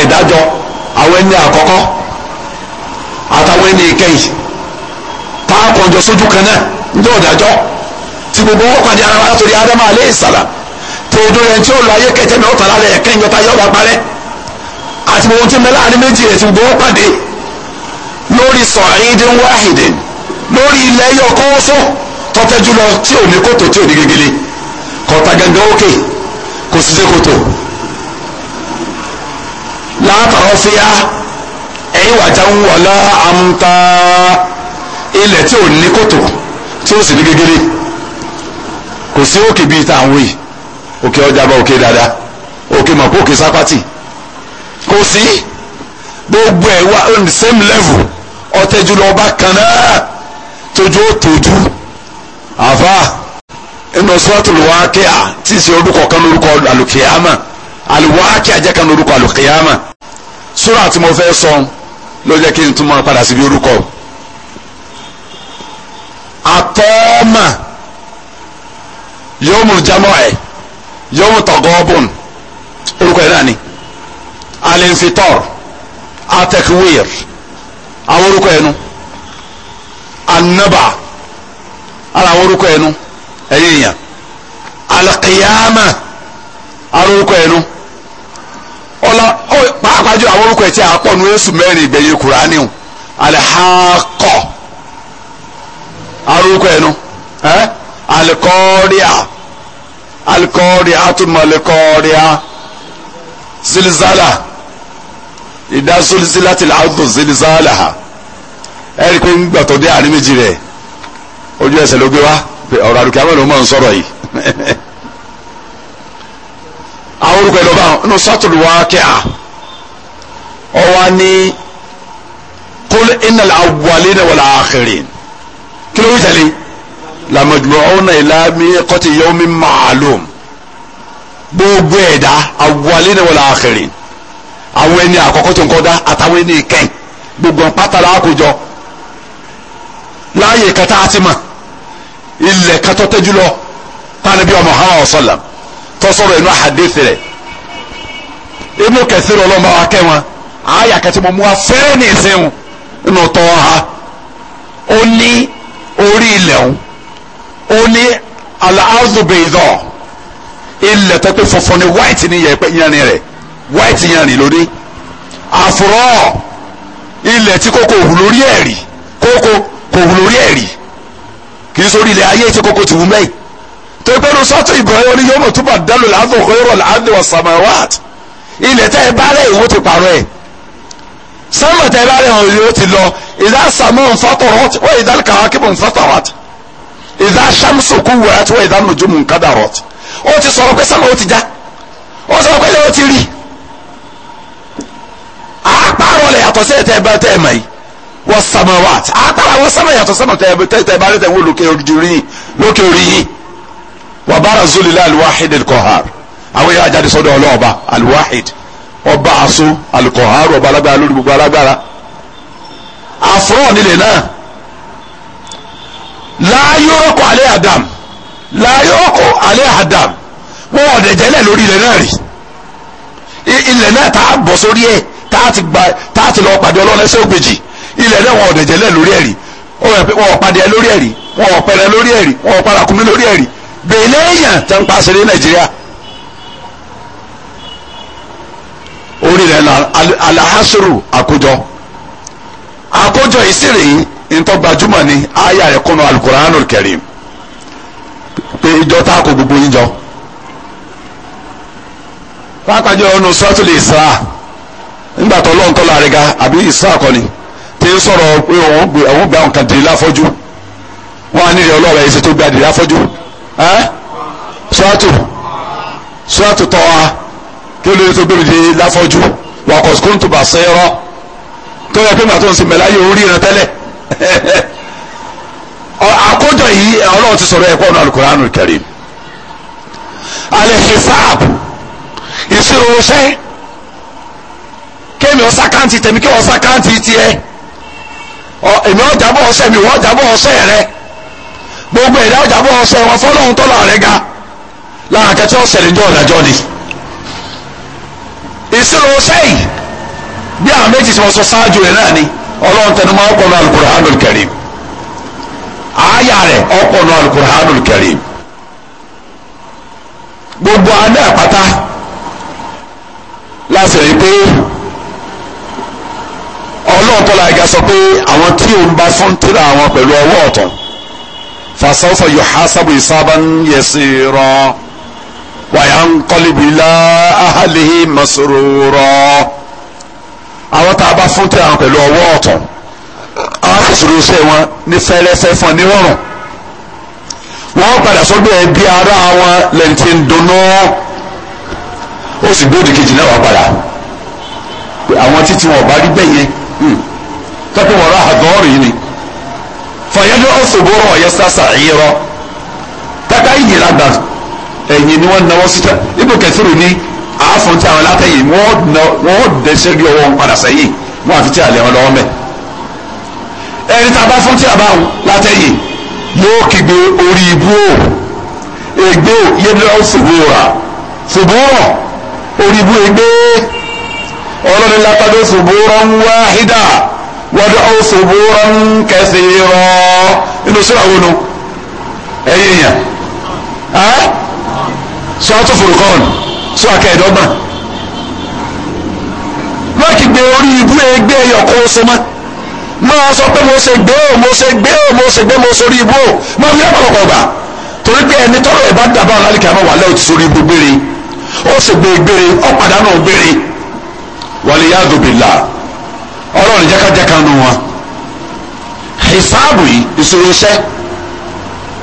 àwọn ẹni àkọ́kọ́ àtàwọn ẹni ìkẹyìn tá tí gbogbo wọn pàdé ara wa látòrí ádámù alẹ́ ìsàlà tòdó yẹn tí ó lọ ayé kẹtẹ mi ó tàlá rẹ kẹ́yìn ọ̀tá yọ̀ọ̀bà parẹ́ àti gbogbo tí mẹ́lá ní méjì rẹ̀ tí gbogbo wọn pàdé lórí sọ̀rìndín wáhìndín lórí ilẹ̀ yọ̀ kọ́wọ́sọ tọ́tẹ́jú lọ tí o ní kòtò tí ò ní gegele kọ̀ọ̀tà gangan òkè kò sí sí kòtò látàrọ fi á ẹ̀yìn wàjà ń wọlá àmúta ilẹ̀ tí ò ní kòtò tí ò sì ní gegele kò sí òkè bíi tá à ń wí òkè ọjàbá òkè dada òkè mọ̀pó òkè sápátì kò sí gbogbo ẹ̀ wá on the same level ọ̀tẹ́jú lọ́ba kan náà tójú ó tójú àfa inú suratul waqi'a tí ì ṣe orúkọ kan lórúkọ alùkìyàmà alùwákìá jẹ́ kan lórúkọ alùkìyàmà sura àti mo fẹ́ sọ ló jẹ́ kí n tún máa padà síbi orúkọ àtọ́mà yawmul jama'e yawmut tagabun orúkọ yẹn náà ni alinfitor atakwir àwọn orúkọ yẹn nu anaba ara àwọn orúkọ yẹn nu ẹyẹ yẹn alqiyama ara orúkọ yẹn nu ọlá pàápàá jù àwọn orúkọ yẹn tí a pọ̀ nu oṣù mẹ́rin ìgbẹ̀yìn kùránì o nu ẹ́. Eh? alikọ́ríà alikọ́ríà àtúmọ̀lẹ́kọ́ríà zilizala ìdásólísílá tìlá àdùn zilizala ẹ̀rí pé ńgbà tó dé àárín méjì rẹ̀ ojú ẹsẹ̀ ló gbé wá ọ̀rọ̀ àdùkẹ́ àwọn ènìyàn mọ̀ ń sọ̀rọ̀ yìí àwọn orúkọ ìlọ́ba nínú sátúlù wa kẹ́à ọwọ́ ni kul innal awwalina wal akhirin kí ló lamajmu'una ila miqati yawmin ma'lum gbogbo ẹ̀dá awwalina wal akhirin àwọn ẹni àkọ́kọ́ tó ń kọ́ dá àtàwọn ẹni ìkẹyìn gbogbo pátálà àkójọ láàyè kẹta àti mọ̀ ilẹ̀ kẹtọ́ tẹ́jú lọ tánibí ọmọ hàn ọ̀sọ̀là tọ́sọ̀rọ̀ inú àhàdéfì rẹ̀ inú kẹsìrì ọlọ́mọ wa kẹ́ wọn àyà kẹtì mọ̀ mú wa fẹ́rẹ́ ní ìsẹ́wọ̀n inú tọ́ ha ó ní orí ilẹ̀ ọ̀hún ó ní alárùbẹ̀dọ̀ ilẹ̀ tó pé funfun ni white ni yanrìn rẹ̀ white yanrìn lórí àfúrọ̀ ilẹ̀ tí kókó hù lórí ẹ̀ rí kókó kò hù lórí ẹ̀ rí kì í sórí ilẹ̀ ayé tí kókó ti wù mẹ́yì tó pé ní sọ́tò Ibrahim ní yóò mọ̀ túbọ̀ dálò láàbọ̀ ọ̀rọ̀ láàbọ̀ ọ̀sàmọ̀wáàt ilẹ̀ tẹ́ ẹ bá rẹ̀ ìwọ ti pààrọ̀ ẹ̀ sọ́mọ̀ tẹ́ ẹ bá rẹ̀ ìwọ ti lọ ìdá sàmú nfàtọ̀rọ̀ wọ́n ìdá kàwákìbọ̀ nfàtọ̀rọ̀ àti ìdá sàmùsù kú wúra tí wọ́n ìdá nùjúmù nkádà rọ̀ ó ti sọ̀rọ̀ pé sàmà ó ti já ó sọ̀rọ̀ pé lẹ́wọ́ ti rí àpárọ̀ lẹ̀ yàtọ̀ sí ẹ̀tẹ̀ ẹ̀bá tẹ̀ ẹ̀mà wọ́n sàmà wà àpárọ̀ àwọn sàmà yàtọ̀ sàmà tẹ̀ ẹ̀bá rẹ̀ tẹ̀ wọ́n lókè orí yìí wà bára zulilá alwahid alkohar àwọn yàrá jáde sọ́dọ̀ ọlọ́ọ̀ba alwahid ọba àṣọ alkohar ọba alágbára lórí gbogbo alágbára àfúrọ̀ nílẹ̀ náà láyọ̀rọ̀kọ̀ alẹ́ àdàm láyọ̀rọ̀kọ̀ alẹ́ àdàm wọn ò dẹ̀ jẹ́lẹ̀ lórí ilẹ̀ náà rí ilẹ̀ náà tá a bọ̀ sórí ẹ̀ tá a ti gba tá a ti lọ pàdé ọlọ́run ẹsẹ̀ ògbèjì ilẹ̀ náà wọn ò dẹ̀ jẹ́lẹ̀ lórí ẹ̀rí wọn ò pàdé ẹ lórí ẹ̀rí wọn ò pẹ̀rẹ̀ lórí ẹ̀rí wọn ò para kùnmí lórí ẹ̀rí bèèlè èèyàn tẹ́ ń pa àṣírí nàìjíríà orí rẹ̀ là alahasuru àkójọ àkójọ ìsìnrìn ntọ́ gbajúmọ̀ ni aya rẹ̀ kọ́nà alukoranul pé ìjọ tá gbogbo yín jọ pápájọ ọ̀nà suratul Isra nígbà tó lọ́n tọ́lá rẹ̀ ga àbí Isra kọ́ni tí ń sọ̀rọ̀ pé òun gbé àwọn gbé àwọn kan dìrì láfọ́jú wọn á nílẹ̀ ọlọ́ọ̀rẹ́ ẹ̀sẹ̀ tó gbé àdìrì láfọ́jú suratul suratul Taha kí ló dé tó gbé dìrì láfọ́jú wàkọ̀sí kó ń sẹ́yọ́rọ́ tó yẹ pé màtó àkójọ yìí ọlọ́run ti sọ̀rọ̀ ẹ̀kọ́ ọ̀nà alukóránù karim alẹ́fẹ̀sáàbù ìṣirò ṣẹ́ kémi ọ̀sá káǹtì tèmi kí ọ̀sá káǹtì tiẹ̀ èmi ọ̀jàbọ̀ ọ̀sẹ̀ mi wọ́n ọ̀jàbọ̀ ọ̀sẹ̀ rẹ gbogbo ẹ̀dá ọ̀jàbọ̀ ọ̀sẹ̀ wọn fọlọ́run tọ́lọ̀ rẹ ga lára kẹtí ọ̀sẹ̀ níjọ́ ọ̀dàjọ́ ni ìṣirò ṣẹ́ yìí bí àwọn méjì tí wọ́n sọ ṣáájú rẹ̀ náà ni ọlọ́run tẹnu máa ọkọ̀ náà alukur'anul karim àáyá rẹ̀ ọkọ̀ náà alukur'anul karim gbogbo adé àpáta láti rí pé ọlọ́run tọ́lá ẹ̀gá sọ pé àwọn tí òun bá fún tíra àwọn pẹ̀lú ọwọ́ ọ̀tún fasawfa yuhasabu hisaban yasira wa yanqalibu ila ahlihi masrura àwọn tá a bá fún tẹ àwọn pẹ̀lú ọwọ́ ọ̀tún àwọn àfẹsọ̀rọ̀ iṣẹ́ wọn ní fẹ́rẹ́fẹ́ fún ní rọrùn wọ́n padà sọ́dọ̀ ẹbí ara wọn lẹ́yìn tí ń dunnú ó sì gbóòdì kejì náà wà padà àwọn títí wọn ò bá rí bẹ́ẹ̀ yẹn hmm, tọ́pọ̀ wọn rà àgọ́rì ni fàyẹ́dọ́ ọ̀sọ̀gbọ́rọ̀ ọ̀yẹ́ sásà ìyẹ́rọ tákà ìyìnlá gbà ẹ̀yìn ni wọ́n náwó síta ibùkẹ́sìrì ni àáfọ̀n tí àwọn látẹ̀yìn wọ́n dẹ̀sẹ̀ bí ọwọ́ wọn padà sẹ́yìn wọn àfi tí àlẹ́ wọn lọ́wọ́ mẹ́ ẹni tá a bá fún tí a bá wọn látẹ̀yìn yóò kígbe orí ibú o ègbé yébílẹ̀ ó ṣògbóra ṣògbórọ̀ orí ibú ègbé ọlọ́ni látàdé ṣògbórọ̀ ń wá hídà wọ́dọ̀ ó ṣògbórọ̀ ń kẹsì rọ inú sọ́ra wo nu ẹ̀yìn yẹn sọ́tún fòrùkọ́ọ̀nù sọ akẹ́ẹ̀dọ́gbọ̀n lọ́ọ̀kì gbé orí ibú ẹgbẹ́ ẹyọkọ́ ṣe mọ́ máa sọ pé mo ṣe gbé o mo ṣe gbé o mo ṣe gbé mo sórí ibú o mo fi ọ̀pọ̀lọpọ̀ gbà torí pé ẹni tọ́lọ̀ ẹ̀ bá dàbọ̀ àlálìkè àmọ́ wàlẹ́ òtún sórí ibú gbére ó sì gbé gbére ó pàdánù gbére waliyadu billah ọlọ́run jákàjákà nù wọn hisaabu yìí ìṣòro iṣẹ́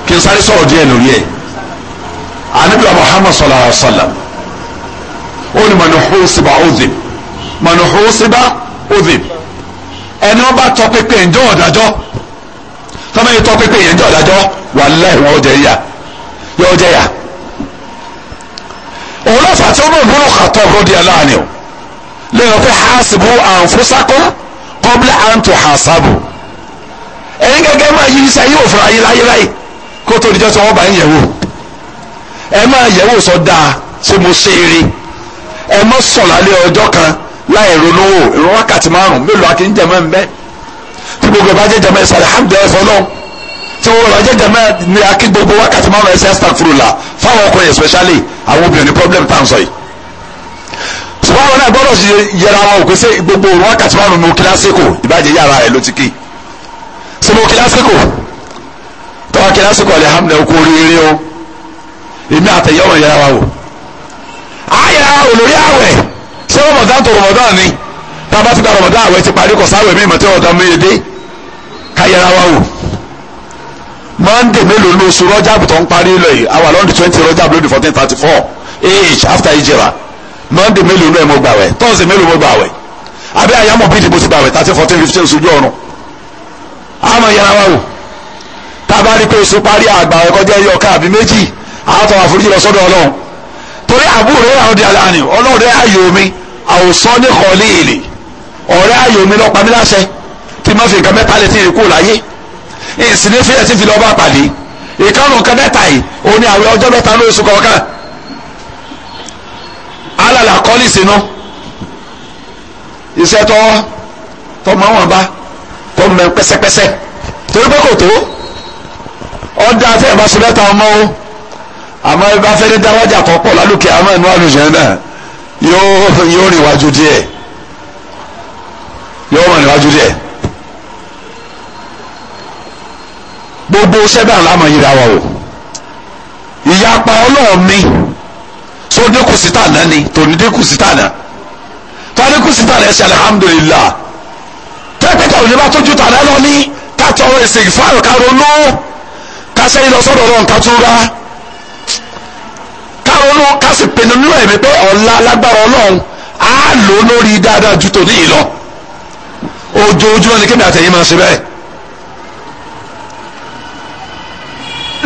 kí n sáré sọ̀rọ̀ díẹ̀ lórí ẹ̀ ànábì Muhammad sallallahu alaihi wasallam ó ní mọ̀nàhósíbà òzè mọ̀nàhósíbà òzè ẹni wọn bá tọ pépé ǹjọ́ ọ̀dájọ́ tọ́mọ yìí tọ pépé yẹn ǹjọ́ ọ̀dájọ́ wàláhì wọn ò jẹ yà yọ ọ jẹ yà òun náà fàtí ọmọ ìbúrò kàtọ́ ọgọ́dì aláàánú lẹ́yìn pé hasibu àǹfọ́sákọ́ kọ́bílà àǹtò hasabu ẹ̀yin gẹ́gẹ́ máa yí iṣẹ́ yóò fura yí láyé láyé kó tó wọn bá ń yẹ̀wò ẹ máa yẹ̀wò sọ dáa ṣé mo ṣe eré. ọmọ má ọjọ kan láì ronú wò wákàtí márùn mélòó akin jẹmọ tí gbogbo ìbá jẹ jẹmọ ẹsẹ alihamudulilayi fọlọ tí wọn jẹ jẹmọ ní gbogbo wákàtí márùn ẹsẹ astagfirullah fáwọn ọkùnrin especially àwọn obìnrin problem tá à ń sọ yìí yẹra gbogbo wákàtí márùn mú kílásíkò yàrá ló ti kí kílásíkò kílásíkò kò rí eré o èmi yẹra bóyá olórí àwẹ̀ ṣé rọmọdán tó rọmọdán ni tá a bá ti gba rọmọdán àwẹ̀ ti parí kọ̀ sáwẹ̀ mímọ̀ tí ọ̀dà mi dé káyẹra wa wò mọ́ndé mélòó lóṣù rọ́jàbù tó ń parí lọ yìí àwa lọ́ndì twenty rọ́jàbù lódì fourteen thirty four age after ìjìrà mọ́ndé mélòó ló ẹ̀ mọ́ gbàwẹ̀ tọ́sí mélòó mọ́ gbàwẹ̀ abẹ́ àyàmọ̀ bíi ìdìbò ti gbàwẹ̀ thirty fourteen fifteen oṣù jọ̀ọ̀nù àmọ̀ yẹra wa wò tá a bá rí pé oṣù parí àgbà ẹ̀kọ́ jẹ́ yọ ká méjì àwọn tó wà foríjì lọ sọ́dọ̀ ọlọ́run torí àbúrò rẹ̀ àwọn di aláàánì ọlọ́run ayò mi àwòsàn ní kọ́ọ̀lì èlé ọ̀rẹ́ ayò mi lọ́pàá mi láṣẹ tí mo fi nǹkan mẹ́ta létí ìrìkú láyé ìsìn ní fílẹ̀ tí fi lọ́ọ́ bá pàdé ìkànnù kan mẹ́ta yìí òun ni àwẹ̀ ọjọ́ mẹ́ta lóṣù kọ̀ọ̀kan alàlà kọ́lì sínú iṣẹ́ tọ́ tọmọ wọn bá tọmọ mẹ pẹ́sẹ́pẹ́sẹ́ torí pé kò tó ọ̀dà tẹ̀ bá ọmọ o àmọ́ ẹ bá fẹ́ dé dáwájà tó pọ̀ lálùkẹ́ àmọ́ ẹnu àlùjẹ́ náà yóò yóò rìn wájú díẹ̀ yóò rìn wájú díẹ̀ gbogbo sẹ́bà lámọ̀ yìí ra wa o ìyapa ọlọ́run mi tó dínkù síta náà ni tòní dínkù síta náà tọ́ni kù síta náà ẹ ṣe alihamudulilayi tẹ́pẹ́tà òní bá tójú tàná lọ ní ká tọrọ ìsègì ká ronú ká sẹ́yìn lọ sọ́dọ̀ ọlọ́run ká túra ronú ká sì pinnu nínú ẹ̀mí pé ọ̀la lágbára ọlọ́run á lò lórí dáadáa ju tòní yìí lọ ojoojúmọ́ ni kébì àtẹ̀yìn máa ṣe bẹ́ẹ̀.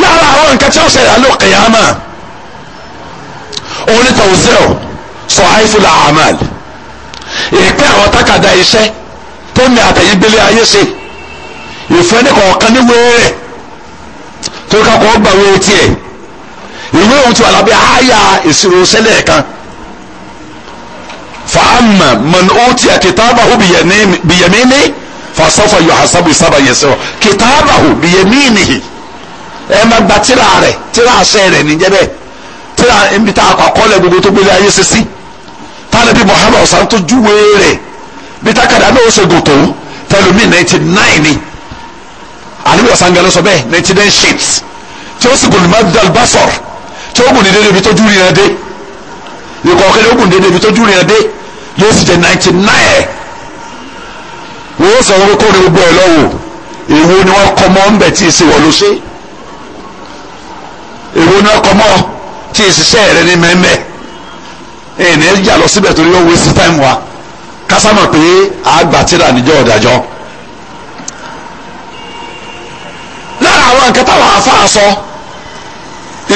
lára àwọn nǹkan tí ó ṣẹlẹ̀ àlọ́ kẹ̀yàmà òun ni tọ̀wùsẹ̀ sọ àìfúlà àmàlì ìpín àwọn tákàdá iṣẹ́ tẹ́mi àtẹ̀yìn gbélé ayé ṣe ìfẹ́ ní kọ̀ọ̀kan níwèé rẹ̀ tó ká kọ́ gbàwé tiẹ̀ ìwé òun ti wà lábẹ́ àyà ìṣirò sẹ́lẹ̀ kan fàámà mọ̀nà ó tiẹ̀ kìtàbàhù bìyẹ̀mínì fàṣọfà yọ àṣàbù ìṣàbà yẹn sẹ́wọ̀ kìtàbàhù bìyẹ̀mínì ẹ má gba tíra rẹ̀ tíra àṣẹ rẹ̀ níjẹ́ bẹ́ẹ̀ tíra ibi tá a kọ́ àkọọ́lẹ̀ gbogbo tó gbélé ayé ṣe tálẹ́bí Muhammad ọ̀sán tó júwe bí takada náà ó ṣe gòtò tẹlumi ninety nine ni àlùbí ọ̀sán gẹ́lẹ́ sọ bẹ́ẹ̀ ninety nine sheets tí ó sì gòlùmọ́ dalbasor tí ó gùn ní dédé ibi tójú rí yẹn dé ìkọ̀ kẹ́lẹ́ ó gùn dédé ibi tójú rí yẹn dé yóò sì jẹ́ ninety nine wọ́n sọ wọn kó ní gbogbo ẹ̀ lọ́wọ́ èwo ni wọ́n kọ́ mọ́ ńbẹ̀ tí ìsìn wọ́n ló ṣe èwo ni wọ́n kọ́ mọ́ tí ìsìṣẹ́ rẹ ní mẹ́mẹ́ ẹ̀ ní ìjà lọ síbẹ̀ torí ó waste time wa kásámọ̀ pé àgbà tíra níjọ́ ọ̀dàjọ́ lára àwọn nǹkan táwọn afa sọ. So,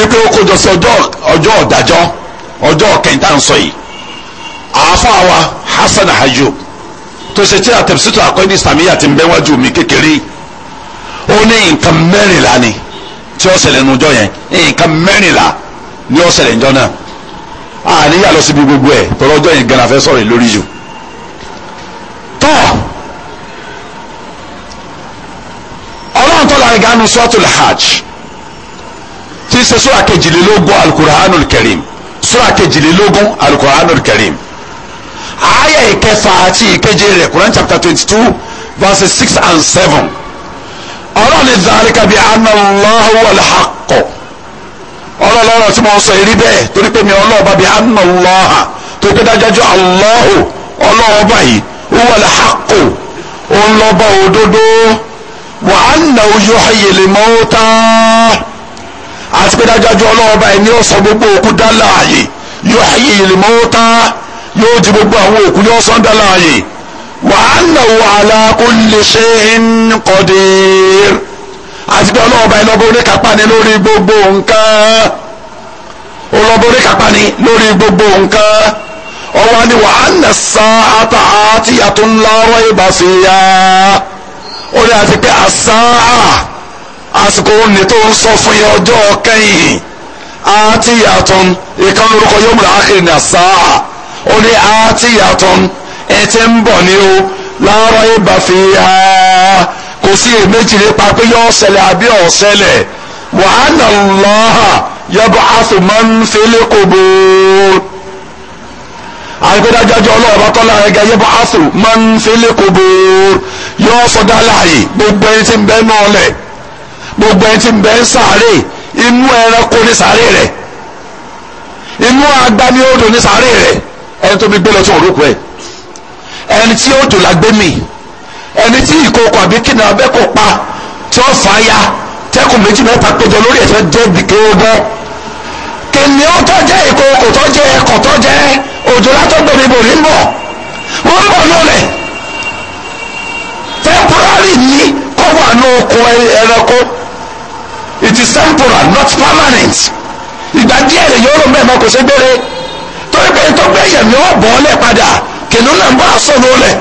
ipe ó kójọ sí ọjọ́ ọ̀dájọ́ ọjọ́ kẹta ń sọ yìí àáfàá wa Hasan Ayub tó ṣe tí àtẹ̀sítò àkọ́ni sàmíyà ti ń bẹ́ wájú mi kékeré ó ní nǹkan mẹ́rìnlá ni tí ó ṣẹlẹ̀ nùjọ́ yẹn nǹkan mẹ́rìnlá ni ó ṣẹlẹ̀ nùjọ́ náà àníyà lọ síbi gbogbo ẹ̀ tọ́lọ́ ọjọ́ yẹn gánà fẹ́ sọ̀rọ̀ lórí jù tọ́ ọlọ́run tó lára ganu sọ́tò lè ń ṣe sura kejìlélógún alukur'anul karim sura kejìlélógún alukur'anul karim aya ìkẹfà àti ìkeje rẹ̀ Quran chapter twenty two verses six and seven ọlọ́run ní dhalika bi anna Allahu wal haqq ọ̀rọ̀ lọ́rọ̀ tí mo sọ èrí bẹ́ẹ̀ torí pé mi ọlọ́ọ̀ba bi anna Allaha torí pé dájọ́jọ́ Allahu ọlọ́ọ̀ba yìí wal haqq òun òdodo wa annahu yuhyil mawta àti pé dájájú ọlọ́wọ́ báyìí ni yóò sọ gbogbo òkú dá láàyè yóò ayé ìlìmọ́ta yóò di gbogbo àwọn òkú yóò sọ dá láàyè wa annahu ala kulli shay'in qadir àti pé ọlọ́wọ́ báyìí lọ́bọ̀ oníkápá ni lórí gbogbo nǹkan ọlọ́bọ̀ oníkápá ni lórí gbogbo nǹkan ọwọ́ ni wa anna as-sa'ata atiyatun la rayba fiha ó ní àti pé àsáà àsìkò òní tó ń sọ fún yẹn ọjọ́ kẹ́yìn àti yàtọ̀ ìkan lórúkọ yóò múra ákìrì ní àsáà ó ní àti yàtọ̀ ẹ ti ń bọ̀ ní o láàárọ̀ ìbá fi ha kò sí èméjì nípa pé yọ ọ̀sẹ̀lẹ̀ àbí ọ̀sẹ̀lẹ̀ wàhánà lọ́hà yọba àfòmọ́n fẹ́lẹ́ kòbóòrò àgbẹ̀dájọ́ ọlọ́ọ̀bá tọ́lá ẹ̀gẹ́ yọba àfòmọ́n fẹ́lẹ́ kòbóòrò yọ ọ̀sọ̀dá láàyè gbogbo ẹni tí ń bẹ́ẹ̀ náà lẹ̀ gbogbo ẹni tí ń bẹ ń sàárè inú ẹranko ní sàárè rẹ̀ inú agbani odò ní sàárè rẹ̀ ẹni tó mi gbé lọ sí òrùkọ ẹ ẹni tí odò la gbé mi ẹni tí ìkókò àbí kìnìún abẹ́kọ̀ pa tí ó fà á ya tẹ́kùn méjì mẹ́ta péjọ lórí ẹ̀ tó jẹ́ bìkéwọ́gbọ́ kìnìún tó jẹ́ ìkókò tó jẹ́ ẹkọ̀ tó jẹ́ òjò látọ̀ gbẹ̀mí bò ní bọ̀ wọ́n ń bọ̀ lọ́lẹ̀ temporary ní kọ́ wà ní oko ẹranko it is temporal not permanent ìgbà díẹ̀ lè yọ̀rọ̀ mẹ́ẹ̀ mọ́ kò ṣe gbére torí pé tó gbé yẹn ni wọ́n bọ̀ ọ́ lẹ̀ padà kìnnú náà ń bá aṣọ ló lẹ̀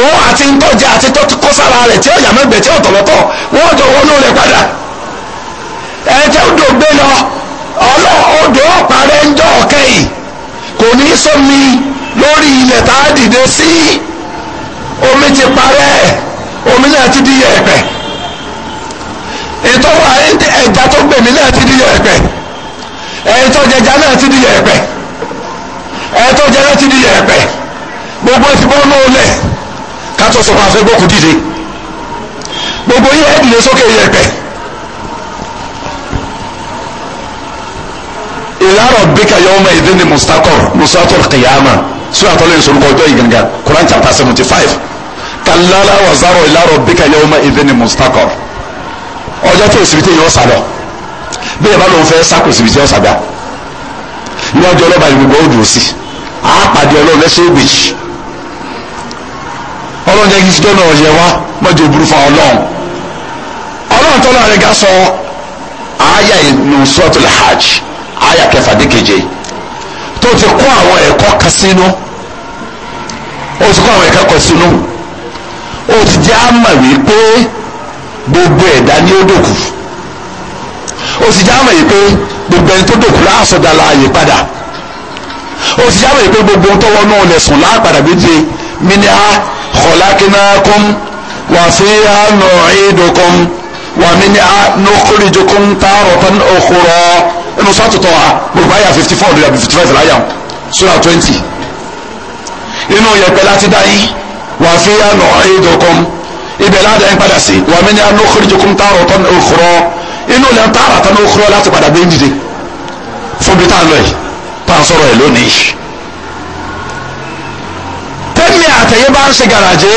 òun àti ń tọ́jà àti tó kó sára rẹ̀ tí ọ̀yà mẹ́gbẹ̀ tí ọ̀tọ̀lọ́tọ̀ wọ́n jọ wọnú rẹ̀ padà ẹ̀ tẹ́ odò gbé lọ ọlọ́ odò ọ̀parẹ́ ń jọ ọ̀kẹ́yìn kò ní sómi lórí ilẹ̀ tá a dìde sí omi ti parẹ́ omi náà ti di yẹ̀pẹ̀ ètò ẹja tó gbèmí náà ti di yẹ̀pẹ̀ ètò jẹja náà ti di yẹ̀pẹ̀ ètò jẹ náà ti di yẹ̀pẹ̀ gbogbo ti bọ́ náà lẹ̀ kátó sọ̀rọ̀ àfẹ́ gbókù dìde gbogbo yẹ ẹ́ dìde sókè yẹ̀pẹ̀ ila rabbika yawma idhin mustaqar musatul qiyamah sura tó lè sọ̀rọ̀ kọjọ́ yìí gangan Quran chapter seventy five kallala wa zaro ila rabbika yawma idhin mustaqar ọjọ́ tí òsibítì yẹn ó sà lọ bí ẹ bá lóun fẹ́ sá kò òsibítì yẹn ó sàgbà ní ọjọ́ ọlọ́ba ìgbòho ó dùn sí àápàdé ọlọ́run lẹ́sẹ̀ ògbèjì ọlọ́run jẹ́ kí jọ́nà ọ̀yẹ́ wá mọ́jọ burú fún ọlọ́run ọlọ́run tó lọ́run ga sọ àáyà ìlú suratul hajj àáyà kẹfà dé keje tó ti kó àwọn ẹ̀kọ́ kan sínú ó ti kó àwọn ẹ̀kọ́ kan sínú ó ti jẹ́ àmà wípé gbogbo ẹ̀dá ni ó dòkú ó sì já mọ̀ yìí pé gbogbo ẹni tó dòkú láàsọdá láàyè padà ó sì já mọ̀ yìí pé gbogbo ohun tó wọnú ọ̀lẹ̀ sùn láàpàdà méje minha khalaqnakum wa fiha nu'idukum wa minha nukhrijukum taratan ukhra inú sọ́tútọ́ a gbogbo àyà fifty four lórí àbí fifty five láyà sura twenty inú yẹpẹ láti dá yín wa fiha nu'idukum ibẹ̀ láti ẹ̀ ń padà sí wà mí ní anukhrijukum taratan ukhra inú ilẹ̀ ń taratan ukhra láti padà bí ń dìde fún e bí táà lọ yìí tá a sọ̀rọ̀ ẹ̀ lónìí. tẹ́mi àtẹ̀yẹ bá ń ṣe gàràjé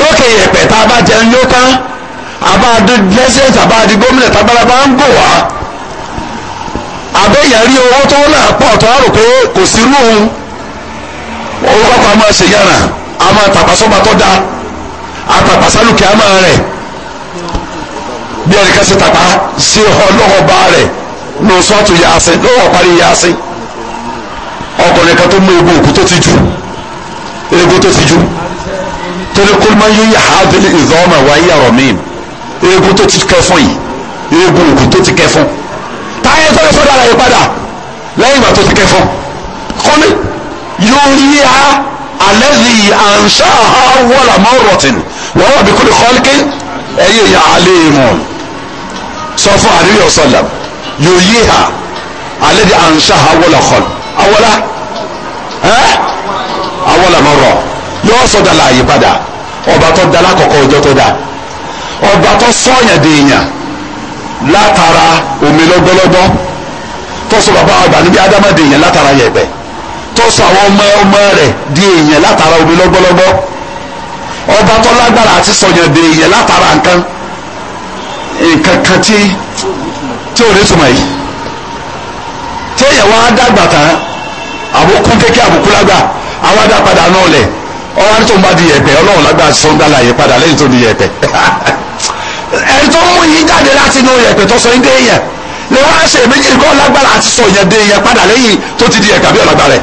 lókè yẹ̀pẹ̀ tá a bá jẹun yóò tán àbá di president àbá di gómìnà tábàlà bá ń bò wá àbẹ̀yẹ̀ owó tó náà pọ̀ tó a rò pé kò sí rú òun òun kọ́kọ́ a máa ṣèyànà a máa tàpá tó dáa àtàpàsálù kìámà rẹ̀ bí ẹnì kan ṣe tàpá sí ọlọ́wọ́ bá rẹ̀ lọ sọ́ọ̀tù yaasin lọ́wọ́ parí yaasin ọkùnrin kan tó mú egbò òkú tó ti jù egbò tó ti jù torí kó máa ń yóyà hábìlì ìdánwò wáyé ọ̀rọ̀ mi egbò tó ti kẹ́ fún yìí egbò òkú tó ti kẹ́ fún táyé tó lè fọ́ dára yìí padà lẹ́yìn ìgbà tó ti kẹ́ fún kọ́ni yóò yí alẹ́ yìí à ń ṣáà wọ́lá mọ́rọ̀tìn wọ́n wà bí kúlì kọ́líkì ẹ̀yẹ ìyá àlẹ́mọ̀ sọ fún àríwí ọ̀sọ̀lá yóò yí ha alẹ́ di àǹṣà awọ́là kọ́l awọ́là ẹ́ awọ́là mọ̀rọ̀ yóò sọ dala yìí padà ọba tó dala kọ̀kọ́ ọjọ́ tó dà ọba tó sọ̀yàn dèèyàn látara omi lọ́gbọ́lọ́gbọ́ tó sọ bàbá ọba níbi ádámà dèèyàn látara yẹ̀pẹ̀ tó àwọn ọmọ ọmọ rẹ̀ di látara omi lọ́gbọ́lọ́gbọ́ ọba tó lágbára àti sọyàn dèèyàn látara nǹkan nǹkan kan tí tí ò ní túmọ̀ yìí téèyàn wá dàgbà tán àbùkù kékeré àbùkù lágbà àwọn adápadà náà lẹ̀ ọwọ́ ní tó ń bá di yẹ̀pẹ̀ ọlọ́run lágbà àti sọ́ńdà láàyè padà lẹ́yìn tó di yẹ̀pẹ̀ ẹni tó mú yín jáde láti inú yẹ̀pẹ̀ tó sọ yín dèèyàn lè wá ṣe èmi nǹkan lágbára àti sọyàn dèèyàn padà lẹ́yìn tó ti di yẹ̀pẹ̀ àbí ọ̀lágbára rẹ̀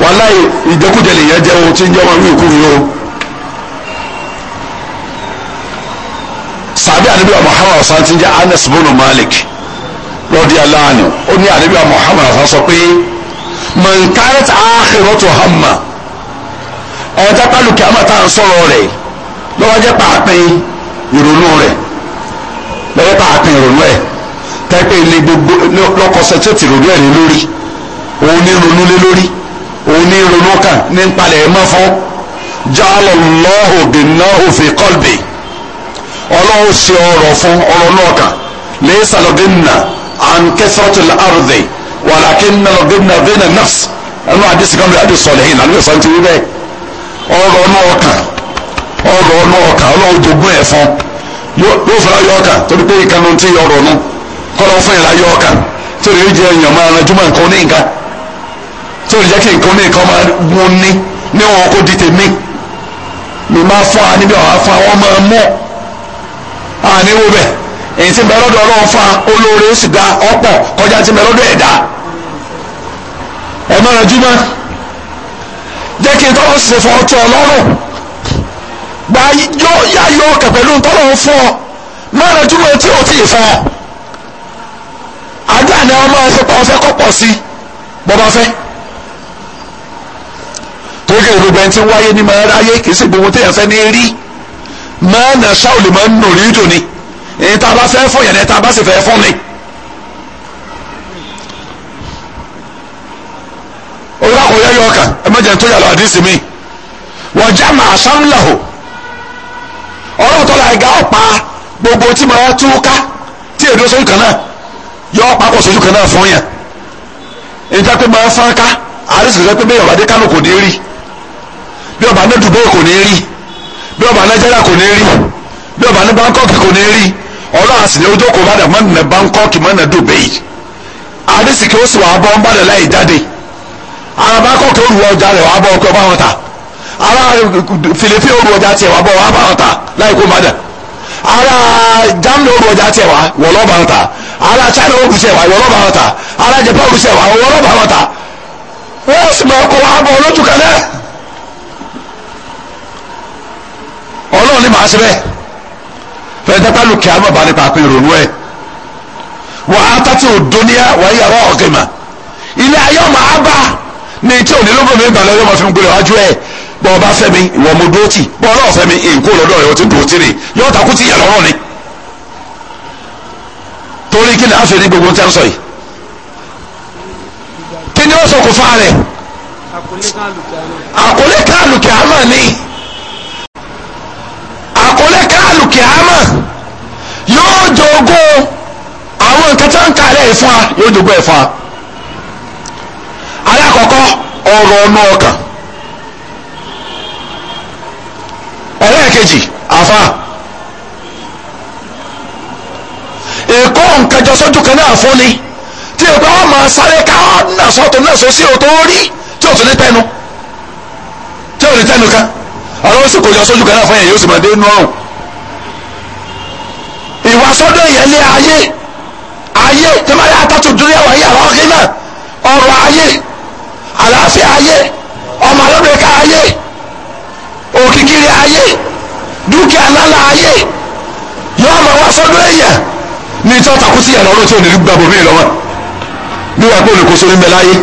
wàláyé ìjẹkújẹ lèyàn jẹ ohun tí ń ọmọ kú mi o. sàbí àdébíyà Muhammad ọ̀sán ti ń anes bono Malik lọ́dí aláàánú ó ní àdébíyà Muhammad ọ̀sán sọ pé mọ̀nkárẹ́t àáxìrọ́tò hàmà ẹ̀ẹ́dá pálukì àmàtà ń sọ̀rọ̀ rẹ̀ lọ́wọ́ jẹ́ pàápín ìrònú rẹ̀ lọ́wọ́ pàápín ìrònú ẹ̀ tẹ́pẹ́ ilé gbogbo lọ́kọ̀ọ́sẹ̀ ìrònú ẹ̀ òun ní ronú kàn ní palẹ̀ mọ́ fún jaala Allahu ghinahu fi qalbi ọlọ́run ṣe ọrọ̀ fún ọrọ̀ náà kàn laysa al-ghina an kathrati al-ardi walakinna al-ghina ghina nafs ẹnu àdìsí kan bẹ̀rẹ̀ àdìsí sọ̀lẹ̀ yìí nàlẹ́ ìsọ̀rọ̀ ti wí bẹ́ẹ̀ ọrọ̀ náà kàn ọrọ̀ náà kàn ọlọ́run jogún ẹ̀ fún yóò fara yọ ọkà torí pé ìkànnì ti yọ ọrọ̀ náà kọ́lọ́ fún ìlà yọ ọkà torí ó jẹ́ èèyàn máa ránjú mọ́ nǹkan oníǹkan tí o lè jẹ́ kí nǹkan mi kan máa mú ní ní wọn kó di tèmi mi máa fún wa níbi àwọn afún àwọn máa mú àní wo bẹ̀ èyí tí bẹ́ẹ̀ lọ́dọ̀ ọlọ́run fún olóore ó sì da ọ̀pọ̀ kọjá tí bẹ́ẹ̀ lọ́dọ̀ ẹ̀dá ẹ̀ máa rẹ̀ júmọ́ jẹ́ kí n tọ́lọ́ sì fọ́ ọtí ọlọ́run gba yọ yá yọ ọkẹ̀ pẹ̀lú tọ́lọ́run fún ọ máa rẹ̀ júmọ́ tí o ti fọ́ àdúrà ni wọ́n máa fẹ́ pọ̀ fẹ́ kọ́ pọ̀ sí bọ́bá fẹ́ torí èrò bẹ́ẹ̀ ti wáyé ní máa ráyé kì í sì gbogbo téèyàn fẹ́ ní rí máa nà ṣáòlì máa ń nù rí dùn ni èyí tá a bá fẹ́ fún yẹn ní tá a bá sì fẹ́ fún ni. olùkọ́ kò yẹ yọ ọkàn ẹ mẹ́jẹ̀ tó yàrá àdìsí mi wọ́n já màá sáńláhò ọ̀rọ̀ tó la ẹ̀gá ọ̀pá gbogbo tí màá túká tí èdè oṣooṣù kan náà yọ ọ̀pá kò sojú kan náà fún yẹn èyí tá a pé màá àdìsí rẹ pé bẹ́ẹ̀ ọ̀bàdé kánò kò ní rí bí ọba ní Dubai kò ní rí bí ọba ní Nigeria kò ní rí bí ọba ní Bangkok kò ní rí ọlọ́run sì ní ojú kò bá dà mọ́ ní Bangkok mọ́ ní Dubai àdìsíkì ó sì wà á bọ́ ń bá dẹ̀ láì jáde ara Bangkok ó ru ọjà rẹ̀ wà á bọ́ ọkọ̀ bá wọn ta ara Philippines ó ru ọjà tiẹ̀ wà á bọ́ wà á bá wọn ta láì kó má dà ara Germany ó ru ọjà tiẹ̀ wà wọ̀ lọ́ bá wọn ta ara China ó ru tiẹ̀ wà wọ̀ lọ́ bá wọn ta ara Japan ó ru tiẹ̀ wà wọ̀ lọ́ bá wọn ta wọ́n sì máa kó wa bọ̀ lójú kan náà. ọlọ́run ní màá ṣe bẹ́ẹ̀ fẹ́ẹ́dẹ́gbẹ́lù kí àmọ́ bá nípa pé ronú ẹ̀ wà á tàtí òdóníyà wà á yàrá ọ̀gẹ̀mà ilé ayé ọmọ àbá ní tí ò ní lóko mi gbà lọ́yọ́ ọmọ fi gbélé wájú ẹ̀ bọ́ ọba fẹ́ mi ìwọ mo dúró tì bọ́ ọlọ́ọ̀ fẹ́ mi ìkó lọ́dọ̀ ẹ̀ o ti dùn rè yóò takú ti yà lọ́rọ̀ ni torí kí ni a fi ní gbogbo tẹ́ ń sọ yìí kí ni ó sọ kò fa rẹ̀ àkọlé káàlù kí ni. jogún àwọn nǹkan tí wọ́n ń kalẹ̀ yìí fún wa yóò jogún ẹ̀ fún wa alákọ̀ọ́kọ́ ọ̀rọ̀ ọ̀nà ọkàn ẹlẹ́ẹ̀kejì àfa èkó nǹkan jọ sójú kan náà fún ni tí o bá wọn máa sáré ká ọ̀nà ah, sọ́tún náà sọ́sí o tó rí tí o tún ní pẹ́nu tí o ní tẹ́nu kan ọ̀rọ̀ ó sì kò jọ sójú kan náà fún yẹn yóò sì máa dé inú ọ̀run wá sọ́dọ̀ ìyẹn lé ayé ayé tẹ́mọ́lá àtàtù dúró ẹ̀wọ̀n yìí àwọn ọ̀gẹ́ náà ọ̀rọ̀ ayé àlàáfíà ayé ọmọ alóbìnrin ká ayé òkìkiri ayé dúkìá ńláńlá ayé yóò máa wá sọ́dọ̀ èèyàn ní ìtọ́ takú sí ìyànà ọlọ́tí òní gbàgbọ́ mi lọ́wọ́ bí wàá pé olùkóso ní mẹ́láyé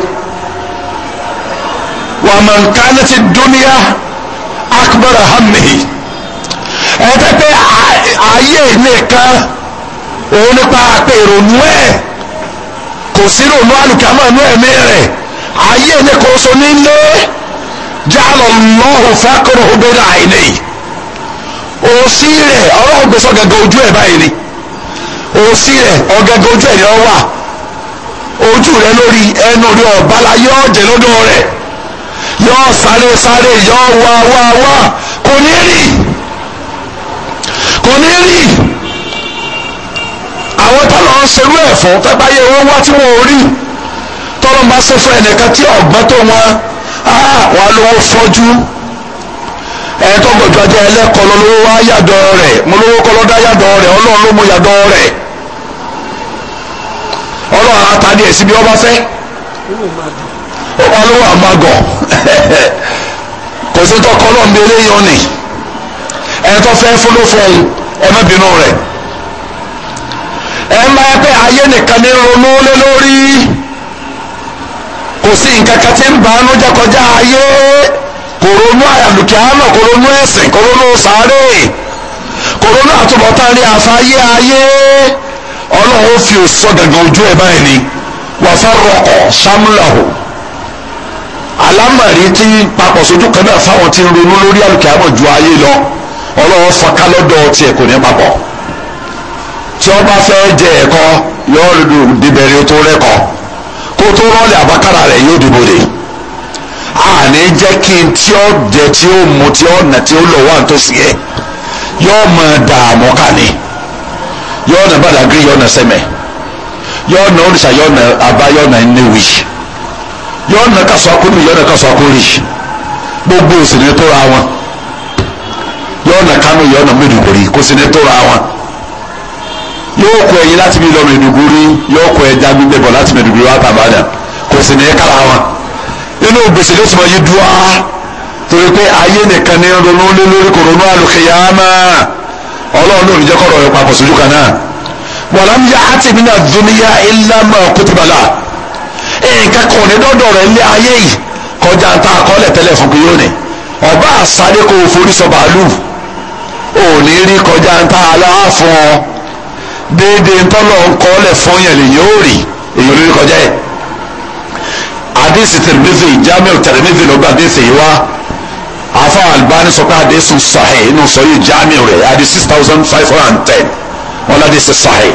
wàá mọ̀ nǹkan ti dúníyà akbar hammihi ẹ̀ẹ́dẹ́ pé ayé nìkan òun nípa pé ìrònú ẹ̀ kò sí ìrònú àlùkámọ̀ inú ẹ̀mí rẹ̀ ayé nìkan oṣù nílé jálọ̀ lọ́hùn fákòrò obìnrin àìní òsì rẹ̀ ọlọ́run gbèsè ọ̀gẹ̀gẹ̀ ojú ẹ̀ báyìí ni òsì rẹ̀ ọ̀gẹ̀gẹ̀ ojú ẹ̀ ni ọ wà ojú rẹ lórí ẹnu rẹ ọ̀bala yóò jẹ lọ́dọ̀ rẹ̀ yóò sáré sáré yóò wá wá wá kò ní rí kò ní rí àwọn tọ́lọ̀ ń serú ẹ̀ fún tẹ́gbáyé owó wá tí wọ́n rí tọ́lọ̀ ń bá ṣe fún ẹnìkan tí ọ̀gbọ́n tó wọn wọn á lówó fọ́jú ẹni tó gbọdọ̀ ajá ẹlẹ́kọ̀ọ́ lọ́wọ́ wá yàdọ̀ rẹ̀ mo lówó kọ́ lọ́dá yàdọ̀ rẹ̀ ọlọ́run ló mú yàdọ̀ rẹ̀ ọlọ́run àtàdé ẹ̀ síbi ọba fẹ́ ọba lówó àmàgọ̀ kò sí tọkọ ọlọ́run bí eléyìí ẹni tó fẹ́ fún ló fún ẹ má bínú rẹ̀ ẹ má pẹ́ ayé nìkan ní ronú lé lórí kò sí nǹkan kan tí ń bá inú jẹ́ kọjá ayé kò ronú àyàlùkìámà kò ronú ẹ̀sìn kò ronú sáré kò ronú àtúbọ̀tán rí àfáyé ayé ọlọ́run fi òsọ gàngàn ojú ẹ̀ báyìí ni wàfárọ̀kọ̀ sámúláhù alámọ̀rí tí papọ̀ sójú kan náà fáwọn tí ń ronú lórí àlùkìámà ju ayé lọ ọlọ́wọ́ fọ́nká lọ́dọ̀ tiẹ̀ kò ní má bọ̀ tí ọba fẹ́ jẹ ẹ̀kọ́ yóò dìbẹ̀rẹ̀ tó rẹ́kọ̀ọ́ kó tó rọ́ọ̀lì àbákàrà rẹ̀ yóò dìbò dè àní jẹ́ kí n tí ó jẹ tí ó mu tí ó nà tí ó lọ wà tó sì yẹ yóò mọ dààmú kàní yóò nà Badagry yóò nà Sẹ́mẹ̀ yóò nà Òrìṣà yóò nà Aba yóò nà Nnewi yóò nà Kasuakumi yóò nà Kasuakori gbogbo òsì ní tó ra wọn yóò na Kánò yóò na Maiduguri kò sí ní tóra wọn yóò kọ ẹyin láti bí lọ Maiduguri yóò kọ ẹja gbígbẹ bọ láti Maiduguri wá tàbádà kò sí ní kára wọn inú gbèsè ló ti mọ yí dúá torí pé ayé nìkan ní ronú lé lórí kò ronú àlùkìyàmá ọlọ́run ló ń jẹ́ kọ́rọ̀ ọ̀yọ́ papọ̀ sójú kan náà wàlámù yá àti mi náà dúníyà ìlànà kùtìbàlà nǹkan kan ní dọ́dọ̀ rẹ̀ lé ayé yìí kọjá ń ta àkọọ́lẹ̀ tẹ́lẹ̀ fún kí yóò ní ọba àsáré kò forí sọ bàálù òní rí kọjá ń tá a lá fún ọ déédéé ntọ́lọ̀ ń kọ́lẹ̀ fún yẹn lèyìn ó rí èyí rí kọjá yẹn àdéhìsì tẹ̀lifíṣì jamiu tẹ̀lifíṣì ló gba àdéhìsì yìí wá afa albani sọ pé àdéhìsì sahih inú sọ yìí jamiu rẹ̀ àdé six thousand five hundred and ten wọn ládéhìsì sahih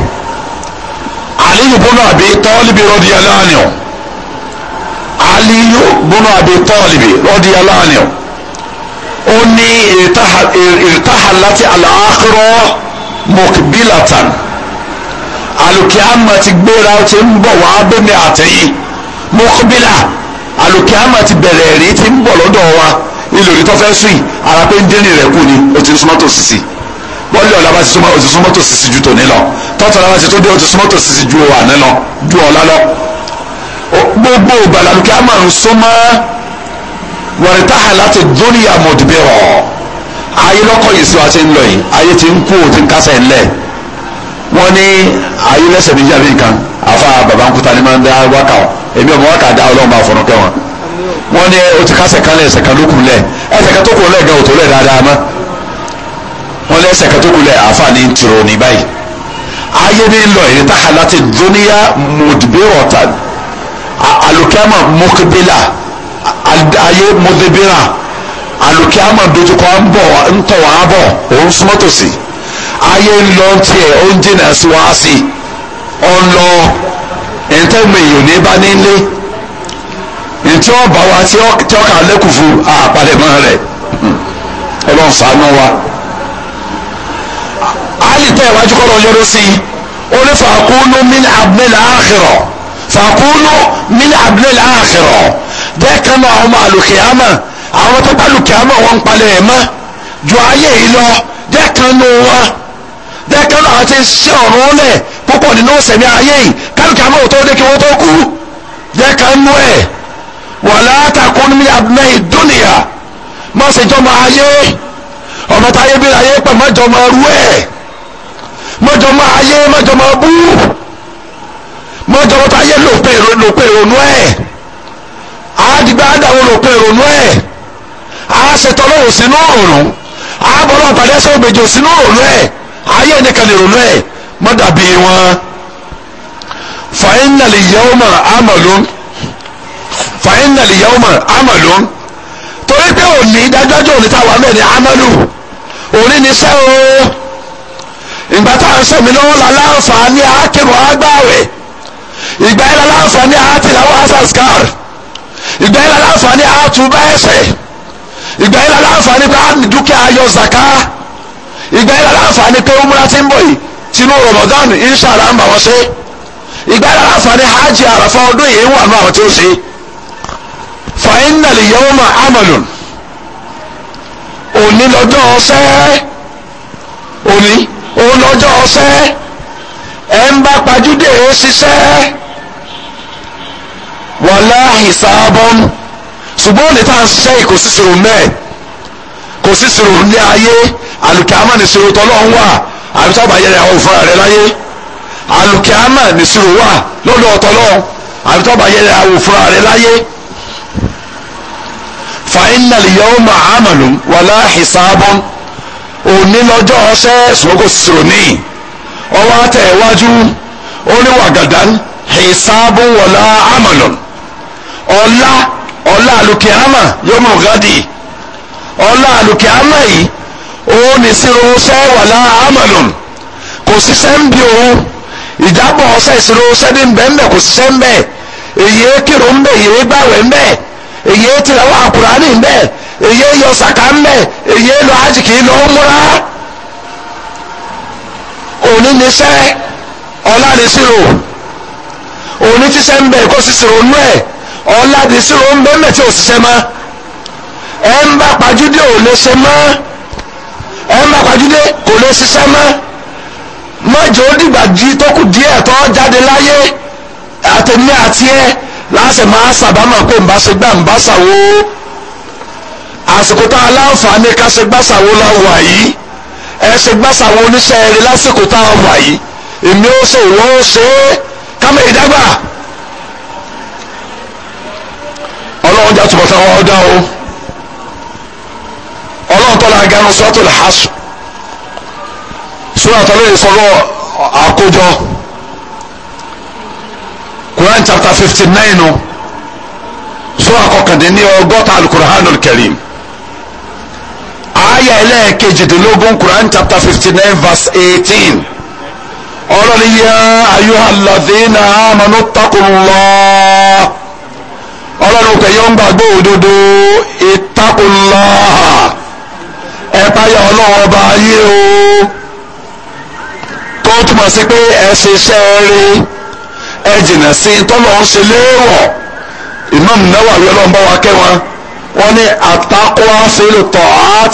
aliyu bunu abi tọ́líbi radiyallahu anhu aliyu bunu abi tọ́líbi radiyallahu anhu ó ní ìrìtàhàlátì àlàáhírọ́ mọ̀kìbílàtàn alùkìámà ti gbéra ó ti ń bọ̀ wá bẹ́mi àtẹ̀yìn mọ̀kìbílà alùkìámà ti bẹ̀rẹ̀ rí ti ń bọ̀ lọ́dọ̀ wa ìlòrí tó fẹ́ sùn ara pé ń dé ní rẹ̀ kù ni ó ti ń súnmọ́tò sísì bọ́ọ̀lì ọ̀la bá ti súnmọ́ ti súnmọ́tò sísì ju tòní lọ tọ́tù ọ̀la bá ti tó dé ó ti súnmọ́tò sísì ju àná lọ ju ọ̀la lọ gbogbo ìgbàlà alùkìámà ń súnmọ́ wàrìtàhà láti dúnìyà mọ̀dìbẹ̀rọ̀ ayé lọ́kọ̀ yìí sí wa ṣe ń lọ yìí ayé ti ń kú o ti ń kásẹ̀ ńlẹ̀ wọ́n ní ayé lẹ́sẹ̀ méjì àbí nǹkan àfa bàbá ńkúta ni máa ń dá wákà ọ èmi ọmọ wákà dá ọlọ́run bá fọ̀nà kẹwọn wọ́n ní o ti kásẹ̀ kan lẹ́sẹ̀ kan ló kù lẹ̀ ẹsẹ̀ kan tó kù lẹ̀ gan òtò lẹ̀ dáadáa mọ́ wọ́n lẹ́sẹ̀ kan tó kù lẹ̀ àfa ní tìrò ní báyìí ayé ní lọ yìí táhà láti dúnìyà mọ̀dìbẹ̀rọ̀ tàn alùkẹ́mọ̀ mọ́kíbílà ayé mọdébírà àlùkí àmọ̀ dojúkọ ń bọ̀ ń tọ̀ wá bọ̀ òun súnmọ́ tòsí ayé ń lọ tiẹ̀ ó ń jìnà sí wá sí ọ̀ ń lọ ẹ̀ńtẹ́mi èèyàn ní bá nílé ntí wọn bá wa tí wọn kà lẹkùn fún àpàdémọ rẹ Ọlọ́run ṣàánú wa ali iwájú kọlọ yọrọ sí ó ní fàkúnú min abúlé àkìrọ fàkúnú min abúlé àkìrọ jẹ́ kan náà àwọn àlùkè àmà àwọn tó bá lùkè àmà wọn ń palẹ̀ ẹ̀ mọ́ ju ayé yìí lọ jẹ́ kan nù wọn jẹ́ kan náà àwọn tí ń ṣe ọ̀run lẹ̀ púpọ̀ nínú sẹ̀mí ayé yìí kálùkè àmà ò tó dé kí wọ́n tó kú jẹ́ kan nù ẹ̀ wàlá takun ní abúlé ìdúnìyà má ṣe jọmọ ayé ọmọ táyé bí ayé pẹ̀ má jọmọ ẹ̀ má ayé má bú má jọmọ táyé lòpè ònú ẹ̀ àádìgbà àdàwọn òpè ìrònú ẹ̀ àṣetọ́lọ́wọ́ sínú òòrùn àbọ̀lọ́ àpàdé ẹsẹ̀ ògbèjò sínú òòrùn ẹ̀ ayé nìkan ìrònú ẹ̀ mọ́dàbí wọn. fàyínàlì yẹ́wọ́mà àmàlú fàyínàlì yẹ́wọ́mà àmàlú torí pé òní dájọ́jọ́ òní táwa mẹ́rin àmàlú òní ní sẹ́ o ìgbà tá à ń sẹ́mi lọ́wọ́ la láǹfààní àákìrò àgbáwẹ̀ ìgbà yẹn la láǹfààní àátìláwọ̀ àṣàṣkárì ìgbà yẹn láǹfààní àtúbà ẹsẹ̀ ìgbà yẹn láǹfààní pé dúkìá ayọ̀ zaka ìgbà yẹn láǹfààní pé umra ti ń bọ̀ yìí tinú Ramadan inshallah ń bà wọ́n ṣe ìgbà yẹn láǹfààní hajj àràfà ọdún yìí wà nù àwọn tí ṣe fa innal yawma amalun òní lọ́jọ́ ọ̀sẹ́ òní òun lọ́jọ́ ọ̀sẹ́ ẹ̀ ń bá pajúdé ṣiṣẹ́ wàlá hisabon ṣùgbọ́n òní tá à ń ṣiṣẹ́ kò sí ṣòro mẹ́ẹ̀ kò sí ṣòro ní ayé alùkìámà ní ṣòro tọ́lọ́ ń wà àbí sábà yẹrẹ àwọn òfin rẹ láyé alùkìámà ní ṣòro wà lọ́dọ̀ ọ̀tọ́lọ́ àbí yẹrẹ àwọn òfin rẹ láyé fàínà lìyàwó àmàlù wàlá hisabon òní lọ́jọ́ ọṣẹ́ ṣùgbọ́n kò sí ṣòro níyì ọwọ́ àtẹ̀wájú ó ní wàgàdán hisabu wàlá amalon ọlá ọlá àlùkè àmà yọmọ gádì ọlá àlùkè àmà yìí òun ní sí owó sẹ́wà lára àmàlù kò síṣẹ́ ń bi òun ìjábọ̀ ọ̀sẹ̀ ìṣirò sẹ́dí ńbẹ́ńbẹ́ kò síṣẹ́ ń bẹ̀ èyí kírò ń bẹ̀ èyí gbàwẹ̀ ń bẹ̀ èyí tìlẹ̀wọ̀ àkùránì ń bẹ̀ èyí yọ sàkà ń èyí lọ àjìkì lọ múra òní níṣẹ́ ọlá ní sírò òní tíṣẹ́ ń bẹ̀ kó síṣirò nú ẹ̀ ọ̀làdìsírò ń bẹ́ẹ̀ mẹ́tí òṣìṣẹ́ mọ́ ẹ̀ ń bá pàjúdé ò lè ṣe mọ́ ẹ̀ ń bá pàjúdé kò lè ṣiṣẹ́ mọ́ mọ́jọ́ dìgbà jí tó kù díẹ̀ tó jáde láyé àtẹ̀mí àti ẹ̀ láṣẹ máa sàbámà pé ń bá ṣe gbà ń bá àsìkò tá a ká ṣe gbàṣàwo la wà yìí ẹ ṣe gbàṣàwo oníṣẹ́ eré lásìkò tá a yìí èmi ó ṣe ìwọ ó ṣe é ká mẹ́ ìdágbà. ọlọ́run já tùbọ̀tán wọn dá o ọlọ́run tọ́lá ganu suratul hasr sọ́dọ̀ tọ́lá yìí àkójọ Quran chapter fifty nine o sọ́dọ̀ àkọkàndínní ọgọ́ta alukur'anul karim aya ẹlẹ́ẹ̀kejìdínlógún Quran chapter fifty nine verse eighteen ọlọ́run yá ayuhalladhina amanu taqullah ọlọ́run pẹ̀ yọ ń gbàgbọ́ òdodo ìtakùnlá ẹ̀páyà ọlọ́run ọba ayé o tó túmọ̀ sí pé ẹ ṣe iṣẹ́ rí ẹ jìnà sí tọ́lọ̀ ń ṣe léèwọ̀ Imam Nawawi ọlọ́run bá wa kẹ́ wọn wọ́n ní àtakùnlá fílù tọ́hát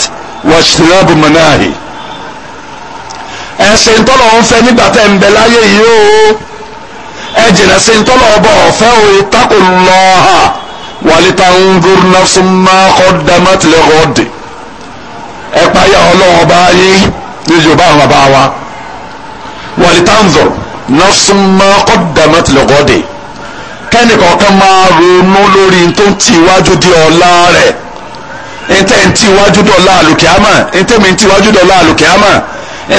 wàṣìlábù mọ́náhì ẹ ṣe tọ́lọ̀ ń fẹ́ nígbà tẹ́ ń bẹ láyé yìí o ẹ jìnà sí tọ́lọ̀ ọba ọ̀fẹ́ o ìtakùnlá ha walitanzur nafsun ma qaddamat lighad ẹ páyà ọlọ́wọ́n bá yín ní yorùbá àwọn bàbá wa walitanzur nafsun ma qaddamat lighad kẹ́nì kọ̀ọ̀kan máa ronú lórí tó ń ti iwájú di ọ̀la rẹ̀ ntẹ́ ń ti iwájú dọ̀la àlùkìámà ntẹ́ mi ń ti iwájú dọ̀la àlùkìámà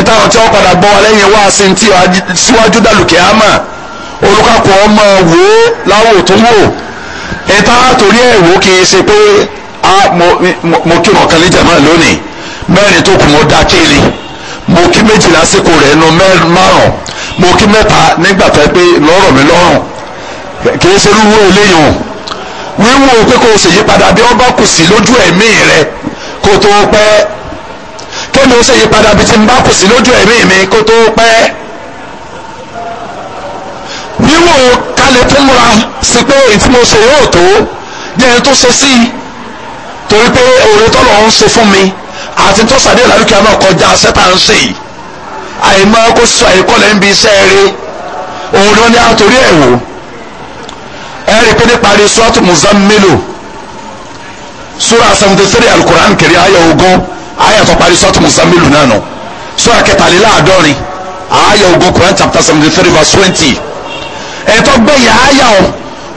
ntẹ́ àwọn tí wọ́n padà bọ́ wa lẹ́yìn wá sí ti síwájú dàlùkìámà olùkàkọ́ ọmọ wò láwò tó wò ìta torí ẹ̀ wò kì í ṣe pé mo kí wọn kan náà lónìí mẹ́rin tó kù mo dá kéèlì mo kí méjì lásìkò rẹ̀ nu márùn mo kí mẹ́ta nígbà tó pé lọ́rọ̀ mi lọ́rùn kì í ṣe irú eléyìí o wíwò pé kò sì yípadà bí ọba kù sí lójú ẹ̀mí rẹ kó tó pẹ́ kémi ó ṣe yípadà bí ti ń bá kù sí lójú ẹ̀mí mi kó tó pẹ́ wíwò le tún múra sí pé ìfúnmọ́sọ yóò tó jẹ́ ẹni tó ṣe sí i torí pé òòrè tọ́lọ̀ ń ṣe fún mi àti tó sàdé ìlàlùkì àmọ́ kọjá sẹ́tà ń ṣe yìí àìmọ́ kó sọ àìkọ́lẹ̀ ń bi iṣẹ́ rẹ òun ló ní àtòrí ẹ̀ wò ẹ rí i pé nípa rí sọ́ọ̀tù muzammilu sura seventy three alukur'an kiri aya ogún aya tó parí sọ́ọ̀tù muzammilu náà nù sura kẹtàléláàádọ́rin aya ogún Quran chapter seventy three verse twenty ẹ̀tọ́ gbẹ̀yà àyà o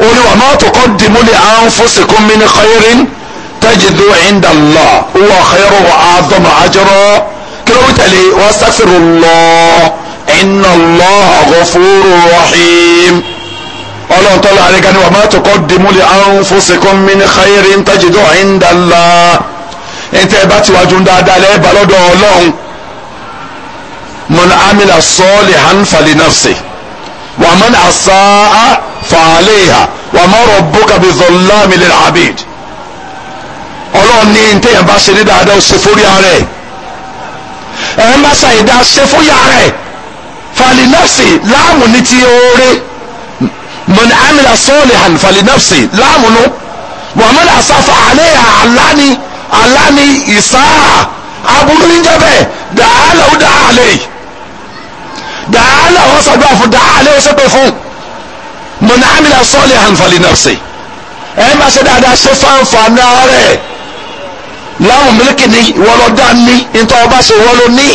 òní wà má tuqaddimu li anfusikum min khairin tajidu inda Allah huwa khairu wa a'zamu ajra kí ló ń tẹ̀lé wastaghfirullah inna Allaha ghafurur rahim ọlọ́run tọ́lá àríkà ni wà má tuqaddimu li anfusikum min khairin tajidu inda Allah ẹ̀ńtẹ́ ẹ bá ti wájú dáadáa lẹ́ẹ̀ bá ọlọ́run man amila ومن أساء فعليها وما ربك بظلام للعبيد ọlọ́run ní ní téèyàn bá ṣe ní dáadáa ó ṣe fórí ara ẹ̀ ẹ̀ ń bá ṣàyẹ̀dá ṣe fórí ara ẹ̀ falinafsi láàmù ní ti oore man amila solihan falinafsi láàmù nù muhammed asafa aleha alani alani isaa aburú níjẹ́ bẹ́ẹ̀ dàálà ó dàá làwọn sàdúrà fún dàá lè wọ́n sẹ́pẹ̀ fún mọ̀nà àmìlà sọ́ọ̀lì àǹfààní náà sí ẹ má ṣe dáadáa ṣe fáǹfààní rẹ̀ láwọn mílíkì ni wọ́n lọ dá ní nítorí ọba ṣe wọ́n ló ní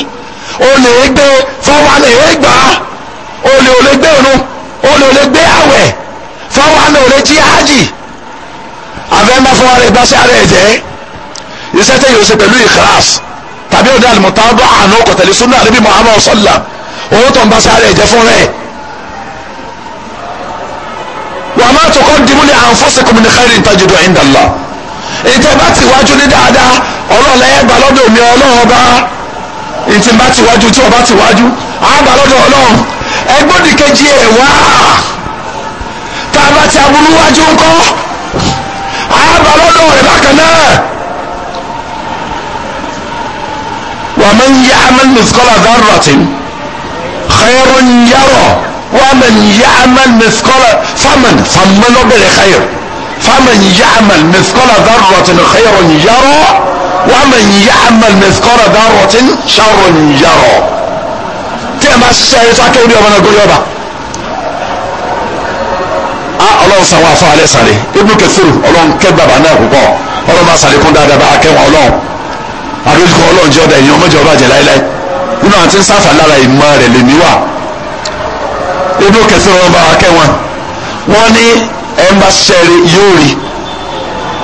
o lè gbé fáwọn àlè yẹn gbà á o lè o lè gbé òun o lè o lè gbé àwẹ̀ fáwọn àlè jí ájì àfẹ́ má fún ara ẹ̀ bá ṣe iṣẹ́ tẹ̀yìn o ṣe pẹ̀lú ìkíláàsì tàbí ọ̀dà àlùmọ̀tà ọdún àná kọ̀tẹ̀lẹ́sùn náà níbi Muhammad sallam òun tó ń bá sáré ìjẹ́ fún rẹ̀ wàá má tó kọ́ dìbò ní àǹfọ̀sẹ̀kùn mi ní khairin tajidu inda Allah ètò bá ti wájú ní dáadáa ọlọ́ọ̀lẹ́ ẹgbà lọ́dọ̀ mi ọlọ́ọ̀ bá ètò bá ti wájú tí ọba ti wájú àgbà lọ́dọ̀ ọlọ́ọ̀ ẹgbọ́dì kejì ẹ̀ wá tá ti aburú wájú ńkọ́ àgbà lọ́dọ̀ rẹ̀ bákan náà wà á ń yá amẹ́lì mìsíkọ́lá dárò xeyọrọ nyarọ wàmẹ nyàmẹ mẹsikọlọ fàmẹ fàmẹ lọbẹrẹ xeyọ fàmẹ nyàmẹ mẹsikọlọ dàrọtin xeyọrọ nyarọ wàmẹ nyàmẹ mẹsikọlọ dàrọtin sàrọ nyarọ tẹ ẹ ma ṣiṣẹ ẹ sọ akéwìrì ọmọ náà gbóyọba a Ọlọ́run san wa fún alẹ sàlẹ Ibnu Kẹsìrù Ọlọ́run kẹ bàbá náà púpọ̀ Ọlọ́run bá sàlẹ kún dáadáa bá akẹwọn Ọlọ́run àdójúkọ Ọlọ́run jẹ ọdẹ yìí ọmọ jẹ ọba jẹ láéláé nínú àti ń sáfà lára ìmọ̀ rẹ̀ lèmi wà ibú kẹsàn án bá wa kẹ́ wọn wọ́n ní ẹnba sẹ́ẹ̀rì yóò rí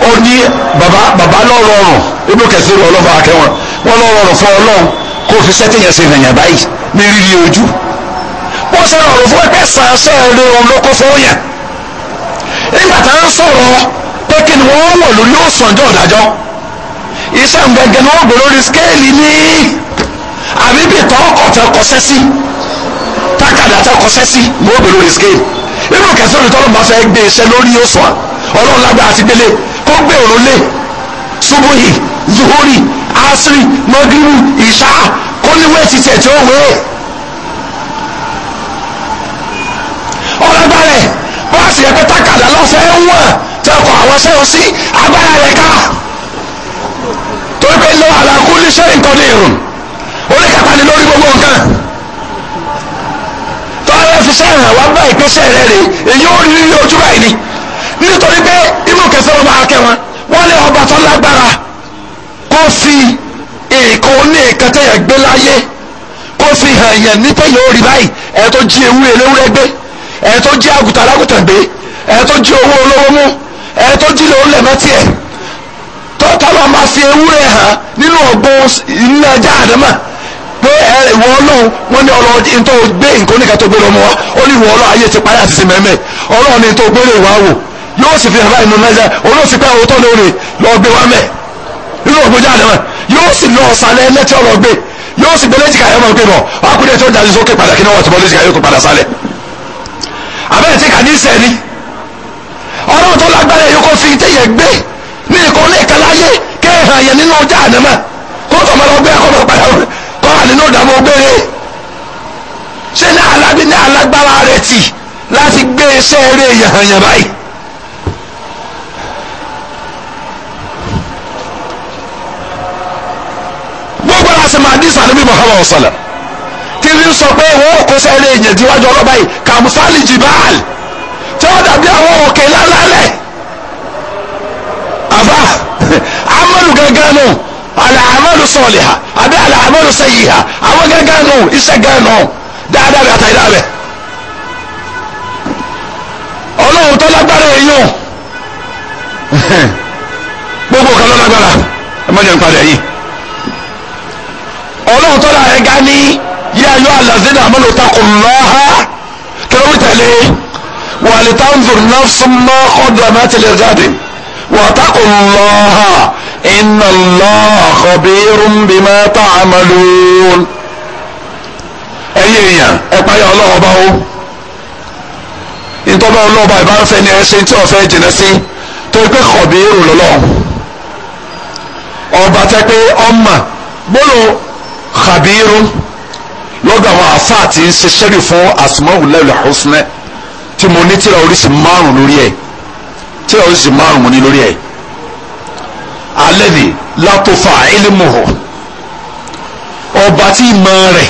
ó ní bàbá bàbá lọ́rọ̀ọ̀rùn ibú kẹsàn án ọlọ́ba wa kẹ́ wọn wọ́n lọ́rọ̀ọ̀rùn fún ọlọ́run kó fi sẹ́tì yẹn ṣe ìrìnyàn báyìí ní rírí ojú wọ́n sọ̀rọ̀ ọ̀rọ̀ fún ẹgbẹ́ sàṣẹ́ rẹ̀ òun ló kó fún yẹn nígbà tá à ń sọ̀rọ̀ pé kí ni wọ́n wọ̀ lórí òsàn jọ̀dájọ́ iṣẹ́ ń gẹ́gẹ́ ni wọ́n gbé lórí skéèlì ní àbí bí tọ́kọ̀ tẹ kọsẹ́ sí tákàdá tẹ kọsẹ́ sí wọ́n bèrè orí scale nínú kẹsàn-án tọ́lọ́ máa fẹ́ gbé iṣẹ́ lórí òṣùwọ̀n ọlọ́run lágbára ti gbélé kó gbé òrùn lé subuhi zuhuri asiri mọ́gírù ìṣá kó níwé ti tẹ̀ tí ó wé ọlọ́gbàá rẹ̀ bọ́ọ̀sì yẹ pé tákàdá lọ́fẹ̀ẹ́ wọ̀n tẹkọ̀ àwọn sẹ́wọ̀n sí agbára rẹ̀ ká torí pé lọ́wọ́ àlàkú ní sẹ́yìn ní ìrùn oníkàtà ni lórí gbogbo nǹkan tọ́lá fi sẹ́hàn wá bá ìpèsè rẹ̀ rè èyí ó rí ojú báyìí ni nítorí pé inú kẹsẹ̀ wọn máa kẹ wọn wọ́n lé ọba tó lágbára kó fi nǹkan oní nǹkan tẹ̀yẹ̀ gbé láyé kó fi hàn yẹn ní tẹ̀yẹ̀ ó rí báyìí ẹ̀ tó jí ewúrẹ́ eléwúrẹ́ gbé ẹ̀ tó jí àgùtà alágùtà gbé ẹ̀ tó jí owó olówó mú ẹ̀ tó jí lòún lẹ̀mẹ́tì ẹ̀ tọ́tọ́ lọ́ọ́ máa fi ewúrẹ́ hàn nínú ọ̀gbọ́n iná jáde mọ́ pé ìwọ ọlọ́run wọ́n ní ọlọ́run tó gbé nǹkan oníkà tó gbére ọmọ wa ó ní ìwọ ọlọ́run ayé ti parí àti sí mẹ́mẹ́ ọlọ́run ni tó gbére ìwà wò yóò sì fi hàn báyìí nù nàìjíríà olóòsì pé àwọn tó lóore lọ gbé wa mẹ́ nínú ògbójà àdámà yóò sì lọ ọ̀sálẹ̀ lẹ́tí ọ̀rọ̀ gbé yóò sì gbélé jìkà ẹ̀rọ gbé bọ̀ ọkùnrin tó dájú ni wọ́n ti bọ́ lé jìkà yóò tó padà sálẹ̀ abẹ́rẹ́ tí kà ní sẹ́ni ọlọ́run nínú ìdààmú gbére ṣé ní alábí ní alágbára rẹ̀ tì láti gbé iṣẹ́ eré yàhànyàn báyìí. gbogbo àṣẹ máa dín sàlẹ̀ bí Muhammad ọ̀sọ̀lẹ̀ tí ń sọ pé wọ́n kó sẹ́rẹ̀ èèyàn díwájú ọlọ́ba yìí kàmùsálì jìbáàlì tí wọ́n dàbí àwọn òkè lálálẹ̀ àbá amọ̀lù gángan náà alaamalu sọọliha àbí alaamalu sẹyiha àwọn gángan nù iṣẹ́ gán nù dáadáa bẹ àtàyè dáa bẹ ọlọ́run tó lágbára èèyàn gbogbo kan ló lágbára ẹ má jẹ́ n padà yìí ọlọ́run tó lára ẹ̀ga ní yíyá yọ àlàzínà àmọ́lò takùn lọ́ha kẹrọ́wì tẹ̀lé wà lè tánzùn náà súnmọ́ إن الله خبير بما تعملون ẹ̀yin èèyàn ẹ páyà Ọlọ́run ọba o ìtọ́ba Ọlọ́run ọba ìbá ń fẹ́ ni ẹ ṣe tí ọ̀fẹ́ jìnnà sí torí pé kọ̀bíìrù lọ́lọ́run ọba tẹ́ pé ọmọ gbọ́dọ̀ kàbíìrù lọ́dọ̀ àwọn àfáà tí ń ṣe ṣẹ́rì fún àsùnmọ́hùn lẹ́lẹ̀ ọ̀sùnẹ́ tí mo ní tíra oríṣi márùn-ún lórí ẹ̀ tíra oríṣi márùn-ún mo ní lórí ẹ̀ alẹ́ni látọ̀fà ilmuhu ọba tí ìmọ̀ rẹ̀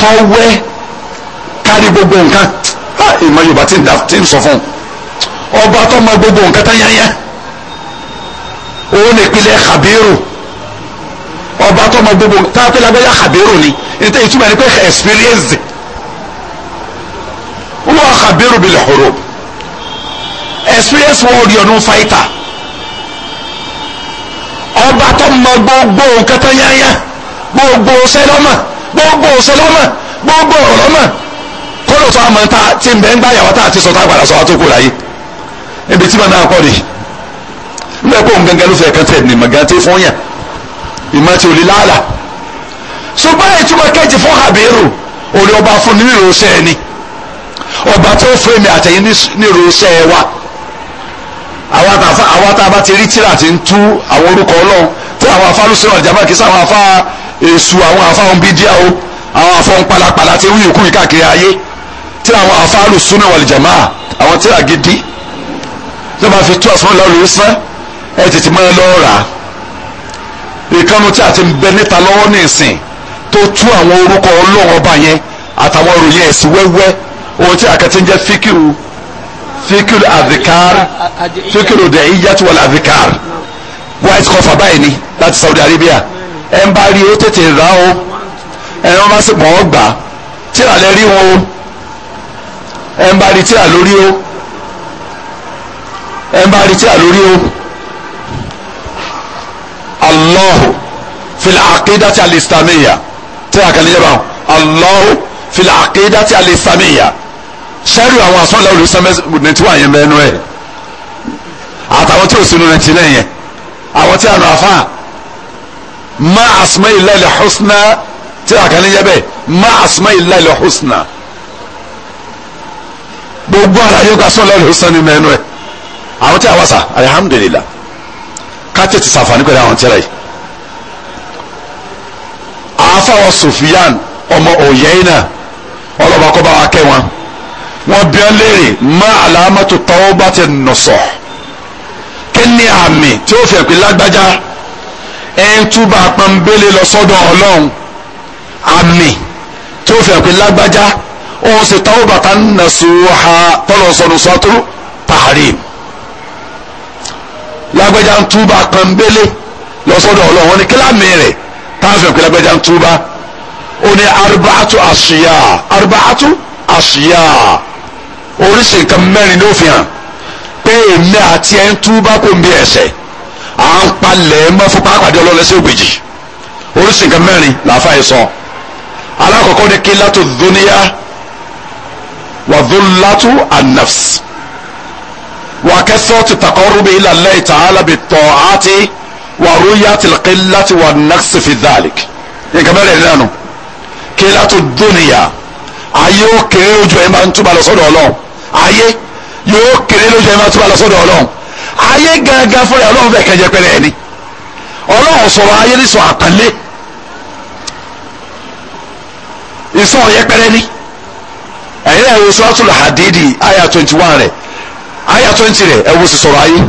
tọ́wẹ́ kárí gbogbo nǹkan ah, ìmọ̀ yorùbá tí ń sọ fún un ọba tó mọ gbogbo nǹkan tán òun ìpìlẹ̀ khabiru ọba tó mọ gbogbo nǹkan tán pẹ́lẹ́ abẹ́yà khabiru ni níta ìtumọ̀ ni pé experience wọ́n khabiru bil hurub experience wọ́n rí ọ̀nù fighter. ọba tó mọ gbogbo nǹkan tó yáyá gbogbo sẹlọmọ gbogbo sẹlọmọ gbogbo ọlọmọ kóló tó àmọ́ ta ati ń bẹ ń gbáyàwó tá a ti sọ tá a gbàdá sọ tó láyé ebi tí ma náà kọ́ rèé nígbà pé òun gangan ló ní tí fún yàn ìmọ̀ tí lè ọba fún ni ọba tó fún wa. afa àwa tá a bá ti rí tíra ti ń tú àwọn orúkọ ọlọ́run tí àwọn afa lùsùn ọ̀rọ̀ jàmbá kìí sáwọn afa èṣù àwọn afa ohun bíi díà o àwọn afa ohun palapala ti wúyì kúyì káàkiri ayé tí àwọn afa lùsùn náà wal jamaa àwọn tíra gidi ló máa fi tú àsùnmọ́ lọ́ọ̀lù ìsán ẹ tètè máa lọ́ọ́ rà á ìkànnì tí a ti bẹ níta lọ́wọ́ ní ìsìn tó tú àwọn orúkọ ọlọ́run ọba yẹn àtàwọn òròyìn ẹ̀sìn wẹ́wẹ́ ohun tí àkàtúnjẹ́ fíkìrù fíkìl àdìkár fíkìl òdè ìyàtúwọ̀l àdìkár white cover báyìí ni láti Saudi Arabia ẹ ń bá rí ó tètè rà ó ẹ ń bá sì pọ̀ ọ́ gbà tíra lẹ rí wọn o ẹ ń bá rí tíra lórí o ẹ ń bá rí tíra lórí o Allahu fil aqidati al-islamiyya tíra kan níjọba Allahu fil aqidati al-islamiyya sẹ́rù àwọn asọ́lẹ̀ olùsọ́mẹ́ ninety one yẹn bẹ́ẹ̀ nú ẹ̀ àtàwọn tí ò sínú ninety nine yẹn àwọn tí a nù àfa ma asma ilẹ̀ husna tí a kàn ní yẹ bẹ́ẹ̀ ma asma ilẹ̀ husna gbogbo àlàyé ọgá sọ́lẹ̀ olùsọ́mẹ́ bẹ́ẹ̀ ẹ̀ àwọn tí a wá sà alihamudulila káàtì ti sàǹfààní pẹ̀lú àwọn tẹ́lẹ̀ yìí àáfàwọ̀ Sufyan ọmọ Uyayna ọlọ́ba kọ́ bá wa kẹ́ wọn wọ́n bí wọ́n léèrè má àlámọ́tò tọ́wọ́ bá ti nù sọ kí ni àmì tí ó fẹ́ pé lágbájá ẹ̀ ń túbà pọ́nbélé lọ sọ́dọ̀ ọlọ́run àmì tí ó fẹ́ pé lágbájá òun sì tọ́wọ́ bàtà nà sùwọ́ha tọ́lọ̀ sọ̀nù sọ́tò tahrim lágbájá ń túbà pọ́nbélé lọ sọ́dọ̀ ọlọ́run wọ́n ní kí lámì rẹ̀ tá fẹ́ pé lágbájá ń túbà ó ní arbaatu àṣìyà arbaatu àṣìyà oríṣi nǹkan mẹ́rin ló fi hàn pé èmi àti ẹ̀ ń túbá kò ń bí ẹ̀ṣẹ̀ à ń palẹ̀ mọ́ fún pápádé ọlọ́lẹ́sẹ̀ ògbèjì oríṣi nǹkan mẹ́rin làáfà yìí sọ alákọ̀ọ́kọ́ ni kílátù dúníyà wà dúnlátù ànàfs wà kẹsọ́ọ̀tù taqarrubi ila Allah ta'ala bit-ta'ati wà rúyàtì kílátù wà nàfsì fi dhalik nǹkan mẹ́rin nínú kílátù dúníyà ayé òkè ojú ẹ̀ máa ń túbà lọ sọ́dọ̀ ọlọ́run ayé yóò kéré lójú ẹni máa túbọ̀ lọ sọ́dọ̀ ọlọ́run ayé gangan fúnra ọlọ́run fẹ́ kẹjẹ pẹrẹ ẹni ọlọ́run sọ̀rọ̀ ayé ní sọ àpẹ́lẹ́ ìsọ̀ yẹpẹrẹ ni ẹ̀yin ẹ̀wò suratul hadidi aya twenty one rẹ̀ aya twenty rẹ̀ ẹ̀wò sì sọ̀rọ̀ ayé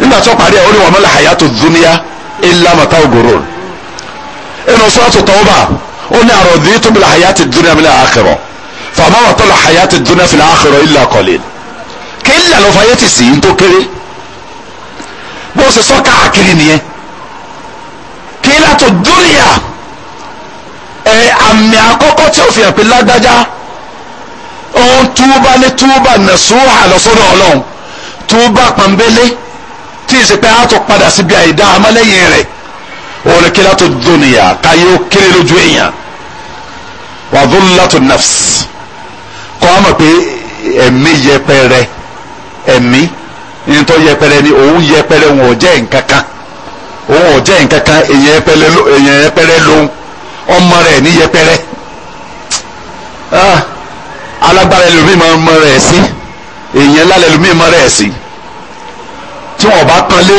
nígbà tó parí ẹ̀ ó ní wa mal hayatud dunya illa mata'ul ghurur inú suratul tawba ó ní àròdì tó bil hayatid dunya minal akhirah fàmà wà tọ́lá hayati dunya fil akhirah illa qalil kí n lànà fàyè tì sí n tó kéré bó ṣe sọ káàkiri nìyẹn kí n làtò dúnìyà ẹ àmì àkọ́kọ́ tí ó fi hàn pé lágbájá òun túbà ní túbà nasuha lọ́sọ́dọ̀ ọlọ́run túbà pọ̀nbélé tí ì sì pé a tó padà síbi àìdá amálẹ́yìn rẹ̀ òun kí n làtò dúnìyà káyé ó kéré lójú èèyàn wàdúlàtò nafs kọ́ á mọ̀ pé ẹ̀mí yẹpẹrẹ ẹ̀mí nítorí tó yẹpẹrẹ ni òun yẹpẹrẹ òun ò jẹ́ nǹkan kan òun ò jẹ́ nǹkan kan èyàn yẹpẹrẹ lòun ọmọ rẹ̀ ní yẹpẹrẹ ah, alágbára ẹlòmíì mọ rẹ̀ sí èyàn lálẹ́ ẹlòmíì mọ rẹ̀ sí tí wọn bá kanlé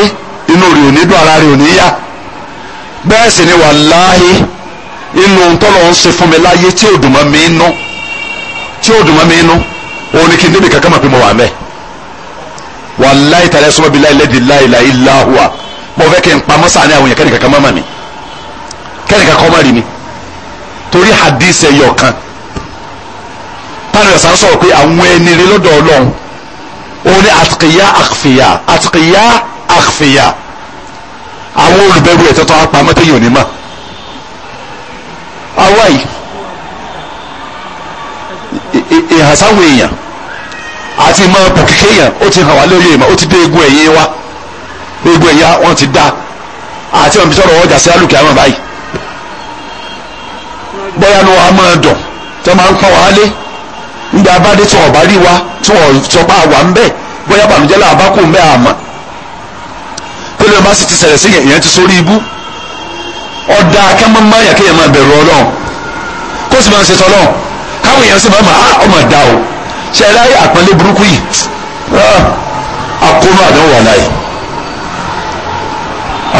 inú rẹ̀ ò ní dùn ara rẹ̀ ò ní yá bẹ́ẹ̀ sì ni wàláhí inú tọ́lọ̀ ń ṣe fún mi láyé tí ò dùn mọ́ mi nú. No tí ó dùn mọ́ mi inú òun ni kí n débi kankan mọ̀ pé mo wà mẹ́ wàláì tàlẹ́ sọ́mọ́ bíi láì lẹ́dí láì láì láhùwà mo fẹ́ kí n pamọ́ sáàní àwọn yẹn kẹ́ni kankan mọ́ mọ́ mi kẹ́ni kankan mọ́ rí mi torí hadith ẹ̀yọ̀ kan táwọn ẹ̀sán sọ̀rọ̀ pé àwọn ẹni rí lọ́dọ̀ ọlọ́run òun ni àtìkìyà àkfìyà àtìkìyà àkfìyà àwọn olùbẹ̀rù ẹ̀tọ́tọ́ apamọ́tẹ́yìn òní mọ́ àwa yìí. ìhàn èèyàn àti ìmọ̀ pòkìkẹ́ èèyàn ó ti hàn wá lóye ìmọ̀ ó ti dé egun ẹ̀yìn wa egun ẹ̀yà wọ́n ti dá àti wọn ọjà sí alùpùpù àwọn báyìí bóyá ni wọn á máa dùn tó máa ń pọ́n wá lé nígbà wa tí sọ pé àwa ń bá ń àmọ́ sì ti sí yẹn ti sórí ibú ọ̀dà kéèyàn máa bẹ̀rù ọlọ́run táwọn èèyàn sì máa ma ah, ọmọ ẹ̀dá o ṣe ẹ láyé àpọ́nlé burúkú yìí ah, akónú àdánwò aláì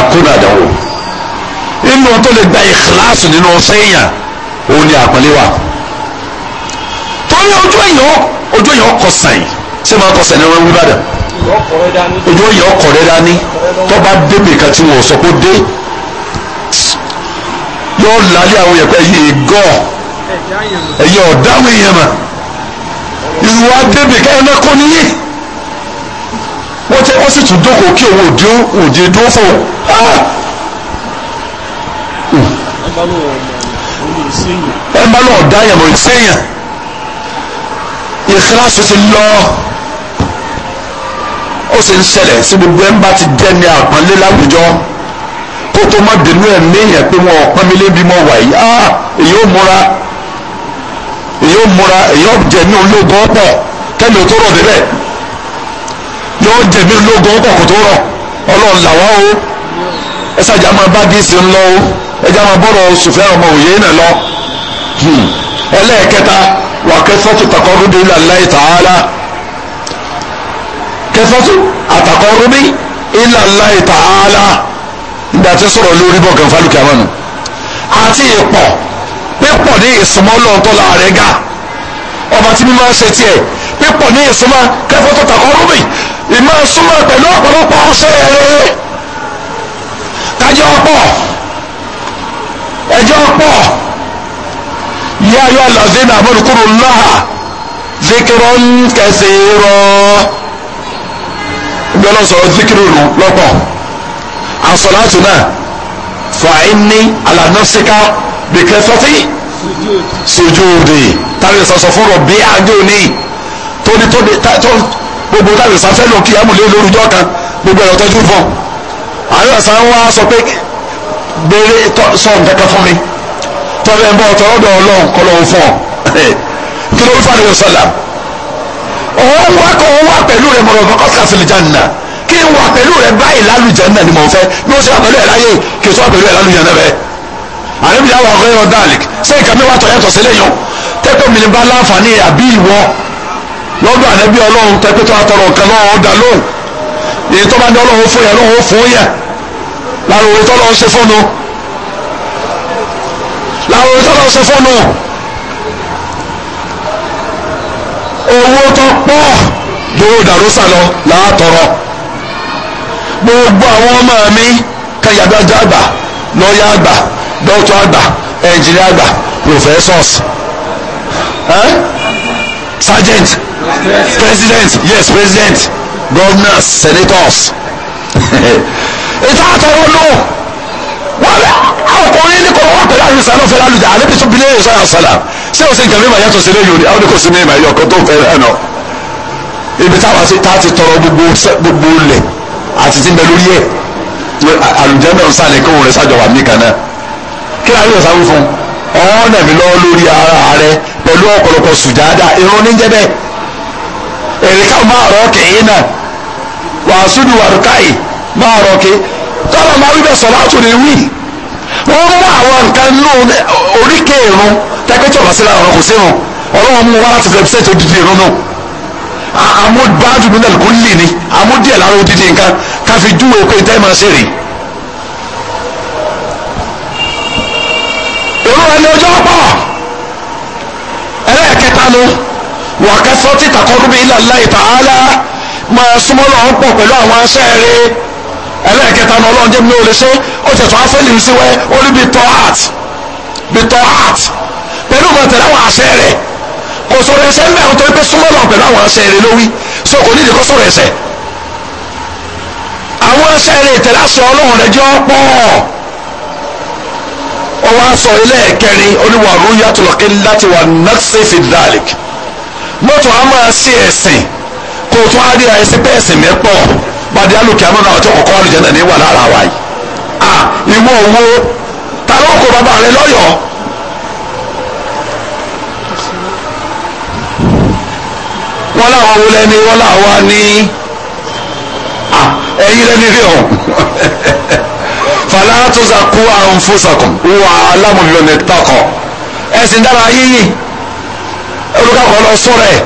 akónú àdánwò inú tó lè gba ìkíláàsì nínú sẹ́yìn òun ni àpọ́nlé wà torí ojú èèyàn ojú èèyàn kọ sàn ṣé máa kọ sàn ní wọn wíwádà ojú èèyàn ọkọ̀ rẹ dání tó bá débè kan tí wọn ò sọ pé ó dé yóò lálé àwọn yẹn pé yìí gọ́ọ̀ ẹ̀yẹ ọ̀dáwọ̀ èèyàn mà ìwà débi káyọ̀ náà kọ́ níyì wọ́n tẹ́ wọ́n sì tún dókòó kí òun òdi òdi dúró fún un. Ah! Hmm. ẹ bá lọ ọ̀dá yẹn mọ̀ ìsẹ́yìn ìkíláàsì ti lọ ó sì ń ṣẹlẹ̀ sí gbogbo ẹ̀ ń bá ti dẹ́ni àpọ́nlé láwùjọ kó tó má dènú ẹ̀ méèyàn pé wọn ò pọ́nmi lébi mọ́ wàyí ah! èyí ó múra èyí ó múra èyí ó jẹ̀mí ológun ọ̀pọ̀ kẹ́mi ò tó rọ̀ débẹ̀ yóò jẹ̀mí ológun ọ̀pọ̀ kò tó rọ̀ ọlọ́run làwa o ẹ ṣàjà máa bá díìsì ń lọ o ẹ já máa bọ̀rọ̀ sùfẹ́ ọmọ òye náà lọ hmm. ẹlẹ́ẹ̀kẹta wà kẹfọ́tù takọ́rúdé ilallahi ta'ala kẹfọ́tù àtakọ́rúdé ilallahi ta'ala nígbà tí sọ̀rọ̀ lórí bọ̀gàn fálùkì àmọ́nu àti ìpọ̀ pípọ̀ ní ìsúnmọ́ lọ́n tó la rẹ̀ ga ọba tí mi máa ń ṣe tiẹ̀ pípọ̀ ní ìsúnmọ́ kẹfọ́ tó takọ́ rúbì ìmọ̀ súnmọ́ pẹ̀lú ọ̀pọ̀lọpọ̀ ọ̀ṣẹ́ rẹ̀ kájọ́ pọ̀ ẹjọ́ pọ̀ yíyá yọ àlàzé náà mọ́nukúrò láhà zikirọ́ ń kẹsì rọ bí ọlọ́sọ̀rọ̀ zikiri rù lọ́pọ̀ àsọ̀láàtù náà fàáyín ní alànà síkà bí kẹsọ́tì sojú òde táwọn ìsọ̀sọ̀ fún rọ̀bí àjò ní tóní tóní tó gbogbo táwọn ìsọ̀fẹ́ lò kí amúlé lórúkọ kan gbogbo ẹ̀rọ tọ́jú fún àwọn ìsàn wa sọ pé béèrè sọ nǹkan kan fún mi tọ́lẹ̀ ń bọ̀ tọ́lọ́ dọ̀ ọlọ́run kọ́ lọ́run fún ọ kí ló ń fa àlejò sọ̀là òun wá kọ́ òun wá pẹ̀lú rẹ̀ mọ̀rọ̀ kọ́kọ́ kàfìlì jánà kí n wà pẹ̀lú rẹ̀ báyìí lálùjẹ́ náà ni mò ń fẹ́ bí ó ṣe wà pẹ̀lú ẹ̀ láyé kì í ṣe wà pẹ̀lú ẹ̀ lálùjẹ́ náà bẹ́ẹ̀ àníbi àwọn ọkọ ẹ̀rọ dalek ṣé nǹkan mi wà tọ̀ yàtọ̀ sílẹ̀ yàn tẹ́pẹ́ mi ní bá láǹfààní àbí ìwọ lọ́dọ̀ ànábì ọlọ́run tẹ́pẹ́ tó àtọ̀rọ̀ kan lọ́wọ́ ọ̀dà lóhùn èyí tó bá ní ọlọ́run fún yẹn lọ́wọ́ fún yẹn lára òwe tó lọ́wọ́ ṣe fọ́nu lára òwe tó lọ́wọ́ ṣe fọ́nu owó tó pọ̀ lówó dàrúsà lọ láàtọ̀rọ̀ gbogbo àwọn ọmọ mi kan àgbà lọ́ọ́ àgbà dókítà àgbà ẹnjìnìá àgbà professors eh? sergeant president yes president governors senators ìta àtọwọ́ lò wọ́n lé ọkùnrin ní kò wọ́n pẹ̀lú àrùsá náà fẹ́ràn àlùdà àlẹ́ bísí bílẹ̀ èso àwọn sálà ṣé o ṣe nǹkan mímọ̀ yàtọ̀ sílẹ̀ yòó ni àwọn oníkó sí mímọ̀ yọ̀ ọ̀kan tó fẹ́ ẹ̀ nọ ibi táwọn àti tá a ti tọrọ gbogbo lẹ̀ àti ti bẹ lórí ẹ̀ àlùjẹ́ náà sálẹ̀ kó wọn rẹ̀ sájọba mí kan náà kí láyé ọ̀sán wí fún ọ̀hún nàmí lọ lórí ara rẹ pẹ̀lú ọ̀pọ̀lọpọ̀ sùjádà irun ní jẹ́bẹ̀ èrìkà máa rọ̀ kẹ̀yìn náà wàásùdù wàrúkàì máa rọ̀ kẹ̀ tọ́lá máa wí bẹ́ẹ̀ sọ̀rọ̀ àtúndì wí wọ́n mú àwọn nǹkan nínú oríkè irun tẹ́kẹ́tì ọ̀rọ̀ sílẹ̀ ọ̀rọ̀ kò sí irun ọlọ́wọ́n mú wọn láti fẹ́ pẹ́sẹ́tì odidi irun náà àmúdbáàdùn nílẹ̀ kò lè ní àmúdíẹ̀ lára odidi nǹkan káfi dúró pé tẹ́ máa ṣe rèé olúwa ni ọjọ́ pọ̀ ẹlẹ́ẹ̀kẹta nu wàkẹ́sọ́ ti tàkọ́rùbí ilallahi ta'ala máa súnmọ́ lọ́wọ́ pọ̀ pẹ̀lú àwọn aṣẹ́ rẹ ẹlẹ́ẹ̀kẹta nu ọlọ́run jẹ́ mi ò lè ṣe ó tẹ̀tọ́ afẹ́lì sí wẹ́ orí bíi tọ́ art bíi tọ́ art pẹ̀lú mọ̀ tẹ̀lé àwọn aṣẹ́ rẹ kò sọ̀rọ̀ ẹsẹ̀ ń bẹ̀ àwọn pé súnmọ́ lọ́wọ́ pẹ̀lú àwọn aṣẹ́ rẹ lówí so kò ní ìdíkọ́ sọ̀rọ̀ ẹsẹ̀ ọ wá sọ ilé ẹkẹrin oníwà rúyà tòlọ́kì láti wà nọ́ọ̀sì fìdálìk mọ́tò á máa sí ẹ̀sìn kó o tún á rí ẹ̀sìn pé ẹ̀sìn mi pọ̀ bàdé alùpùpù àmọ́ náà ọjọ́ kọ̀ọ̀kan àlùjẹ́ náà ní wà lára wa yìí à ìwọ owó ta ló kó bàbá rẹ lọ́yọ̀ọ́. wọ́n láwọn wo lẹ́ni wọ́n láwọn ní ẹ̀yin lẹ́ni rí fàlà tó zakú àǹfọ̀sàkùn wà alámùlọ́nì takọ̀ ẹ̀sìn dára yíyí olùkàkọ́ lọ sọ̀rọ̀ ẹ̀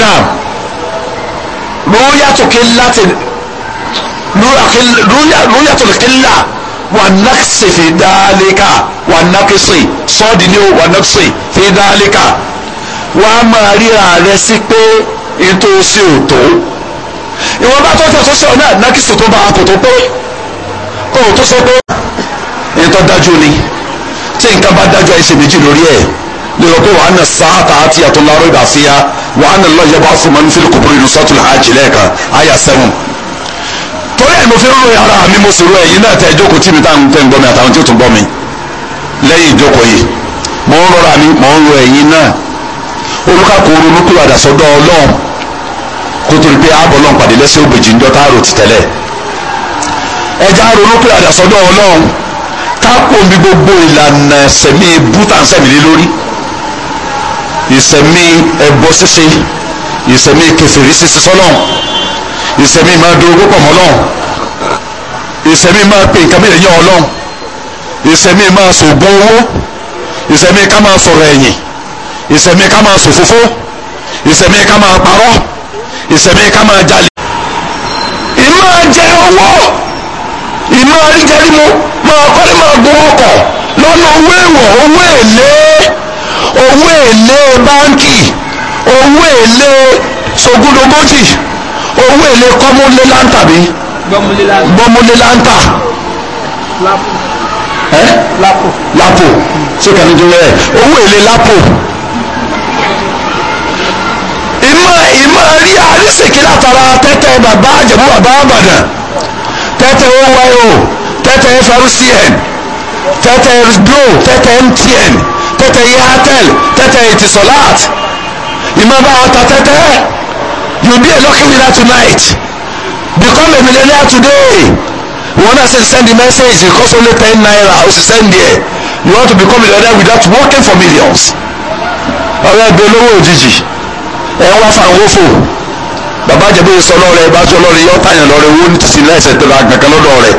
náà lóyàtòkè láti lóyàtòkèlà wà nàkìsì fi dáálíkà wà nàkìsì sọ́ọ̀dì ni ó wà nàkìsì fi dáálíkà wà á máa ríra rẹ sí pé ètò sí òtó ìwọ́n bá tó tẹ̀ tó náà nàkìsì tó bá a kò tó pé o tó sọ pé ẹni tó dájú ni tí nǹkan bá dájú ẹ ṣe méjì lórí ẹ lérò pé wàhánà sáàtà àti àtò láró ìbá fi ya wàhánà lọ yẹ bá fún mọ nífẹ̀ẹ́ kòkòrò inú sọ́tún hajj lẹ́ẹ̀kan àyà sẹ́wọ̀n torí ẹ̀ mo fi rán ara mi mo sì rọ ẹ̀yin náà tẹ ìjókòó tí mi tá n ń gbọ́ mi àtàwọn tí ó tún gbọ́ mi lẹ́yìn ìjókòó yìí mo ń rọra mi mo ń rọ ẹ̀yin náà olùkàkọ́ ronú kúrò ọlọ́run kó torí ẹja ronúpẹ́ àdàsọ́dọ̀ ọlọ́run kápò mi gbogbo ìlànà ìsẹ̀mí bútànsẹ̀mí lé lórí ìsẹ̀mí ẹbọ ṣíṣe ìsẹ̀mí kẹfìrí ṣíṣe sọ́lọ̀ ìsẹ̀mí máa dúró pọ̀ mọ́ lọ́n ìsẹ̀mí máa pè nǹkan bí ẹ̀yìn ọlọ́n ìsẹ̀mí máa ṣògbọ́n owó ìsẹ̀mí ká máa sọ̀rọ̀ ẹ̀yìn ìsẹ̀mí ká máa ṣòfófó ìsẹ̀mí ká máa parọ́ ìsẹ̀mí ká máa jalè ìmáa jẹ owó ìmọ̀ àríjẹrímu máa kọ́lé máa gbowó kọ̀ lọ́nà owó èèwọ̀ owó èlé owó èlé báńkì owó èlé sogúndogójì owó èlé kọ́múlé láńtà bí gbọ́múlé láńtà lápò lápò ṣé kàní tó yẹ owó èlé lápò ìmọ̀ ìmọ̀ rí àrísèké látara tẹ́tẹ́ bàbá àjẹmú bàbá àbàdàn tẹ́tẹ́ oyo tẹ́tẹ́ frcn tẹ́tẹ́ glo tẹ́tẹ́ mtn tẹ́tẹ́ yatel tẹ́tẹ́ etisolat ìmọ̀ba ọ̀tá tẹ́tẹ́ you be a lucky winner tonight become a millionaire today wọn náà ṣe send the message it cost only ten naira o sì send there you want to become a millionaire without working for millions ọ̀rẹ́ ẹgbẹ́ olówó òjijì ẹ̀ ń wá fún àwọn òfò bàbá àjẹbí sọ lọ́rẹ̀ bá sọ lọ́rẹ̀ yọ tàyàn lọ́rẹ̀ owó ní tìsí láìsẹ̀ tó la kankan lọ́dọ̀ rẹ̀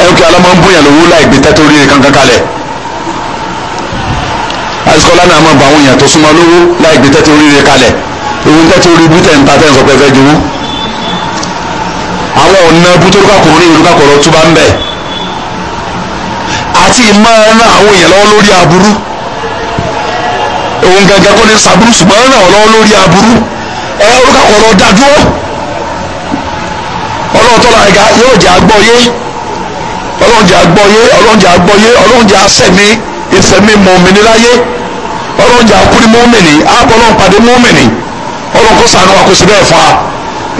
ẹ̀rù kí alámọ̀ ń bóyàn lówó láì gbé tẹ́tọ́ rí kankan kalẹ̀ àìsíkọ́lá náà máa bọ àwọn èèyàn tó súnmọ́ lówó láì gbé tẹ́tọ́ rí kalẹ̀ ewu tẹ́tọ́ rí bítẹ̀ ń ta tẹ́ ń sọ pé fẹ́ jowó àwọn ọ̀nà bútórúkàkùn ní ìrúkàkọ̀rọ̀ tó bá ń bẹ̀ àti ìmọ̀ ẹran àwọn èèyàn lọ́wọ́ lórí aburú òun gẹ́gẹ́ kó ní sàbúrú ṣùgbọ́n ẹran lọ́wọ́ lórí orúkọ ọ̀rọ̀ dá dúró ọlọ́run tọ́lá ẹ̀ka yóò jẹ́ àgbọ́yé ọlọ́run jẹ́ àgbọ́yé ọlọ́run jẹ́ àgbọ́yé ọlọ́run jẹ́ asẹ̀mí ìsẹ̀mí mọ̀mìnì láyé ọlọ́run jẹ́ akúrí mọ́mìnì ààbọ̀ ọlọ́run pàdé mọ́mìnì ọlọ́run kó sànù wa kó sí bẹ́ẹ̀ fún wa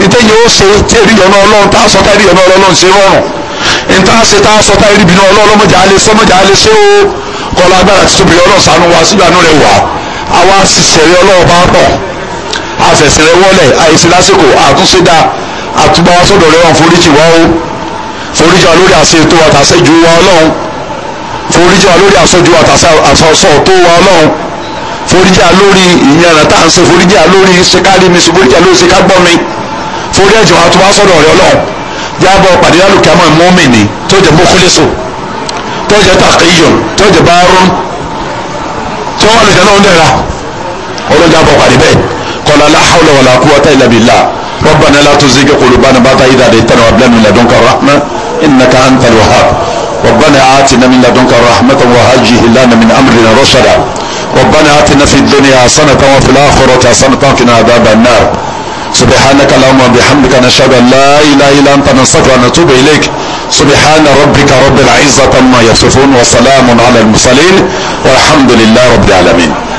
ìtẹ́yẹ ó ṣe tí èrí yọ̀nà ọlọ́run tá a sọ tá èrí yọ̀nà ọlọ́run ṣe rọrùn ìta ṣe tá a sọ tá èrí bìnú ọlọ́run mọ̀jà alẹ́ sọ mọ̀jà alẹ́ ṣe ó kọ́lá agbára ti tóbi ọlọ́run sànù wa síbi àánú rẹ̀ wà á wá sì sẹ̀rí ọlọ́run bá pọ̀ àṣẹ̀sìn rẹ wọlé àìsí lásìkò àtúnṣe dá àtúbọ̀ wá sọ̀dọ̀ rẹ wọn foríjì wá o foríjì wá lórí àṣẹ ètò àtàṣe ju wa ọlọ́run foríjì wá lórí àṣọjú àtàṣe àṣọṣọ tó wa ọlọ́run foríjì wá lórí ìyànà tá à ń ṣe foríjì wá lórí ṣekárí mi ṣe foríjì wá lórí ṣekágbọ́ mi forí ẹ̀jẹ̀ wa àtúbọ̀ wá sọ̀dọ̀ rẹ ọlọ́run jábọ̀ pàdé lálùkẹ́ àmọ́ ìmọ̀ọ́mìnì tó jẹ́ mọ́kúlẹ́sọ̀ tó jẹ́ tàkìyọ̀ tó jẹ́ bárún tí wọ́n wà lójà náà ń dẹ̀ra ọlọ́jà bọ̀ pàdé bẹ́ẹ̀. ولا لا حول ولا قوة إلا بالله ربنا لا تزيغ قلوبنا بعد إذا ديتنا وهب من لدنك الرحمة إنك أنت الوهاب ربنا آتنا من لدنك الرحمة وهجه لنا من أمرنا رشدا ربنا آتنا في الدنيا حسنة وفي الآخرة حسنة وقنا عذاب النار سبحانك اللهم وبحمدك نشهد أن لا إله إلا أنت نستغفرك ونتوب إليك سبحان ربك رب العزة عما يصفون وسلام على المرسلين والحمد لله رب العالمين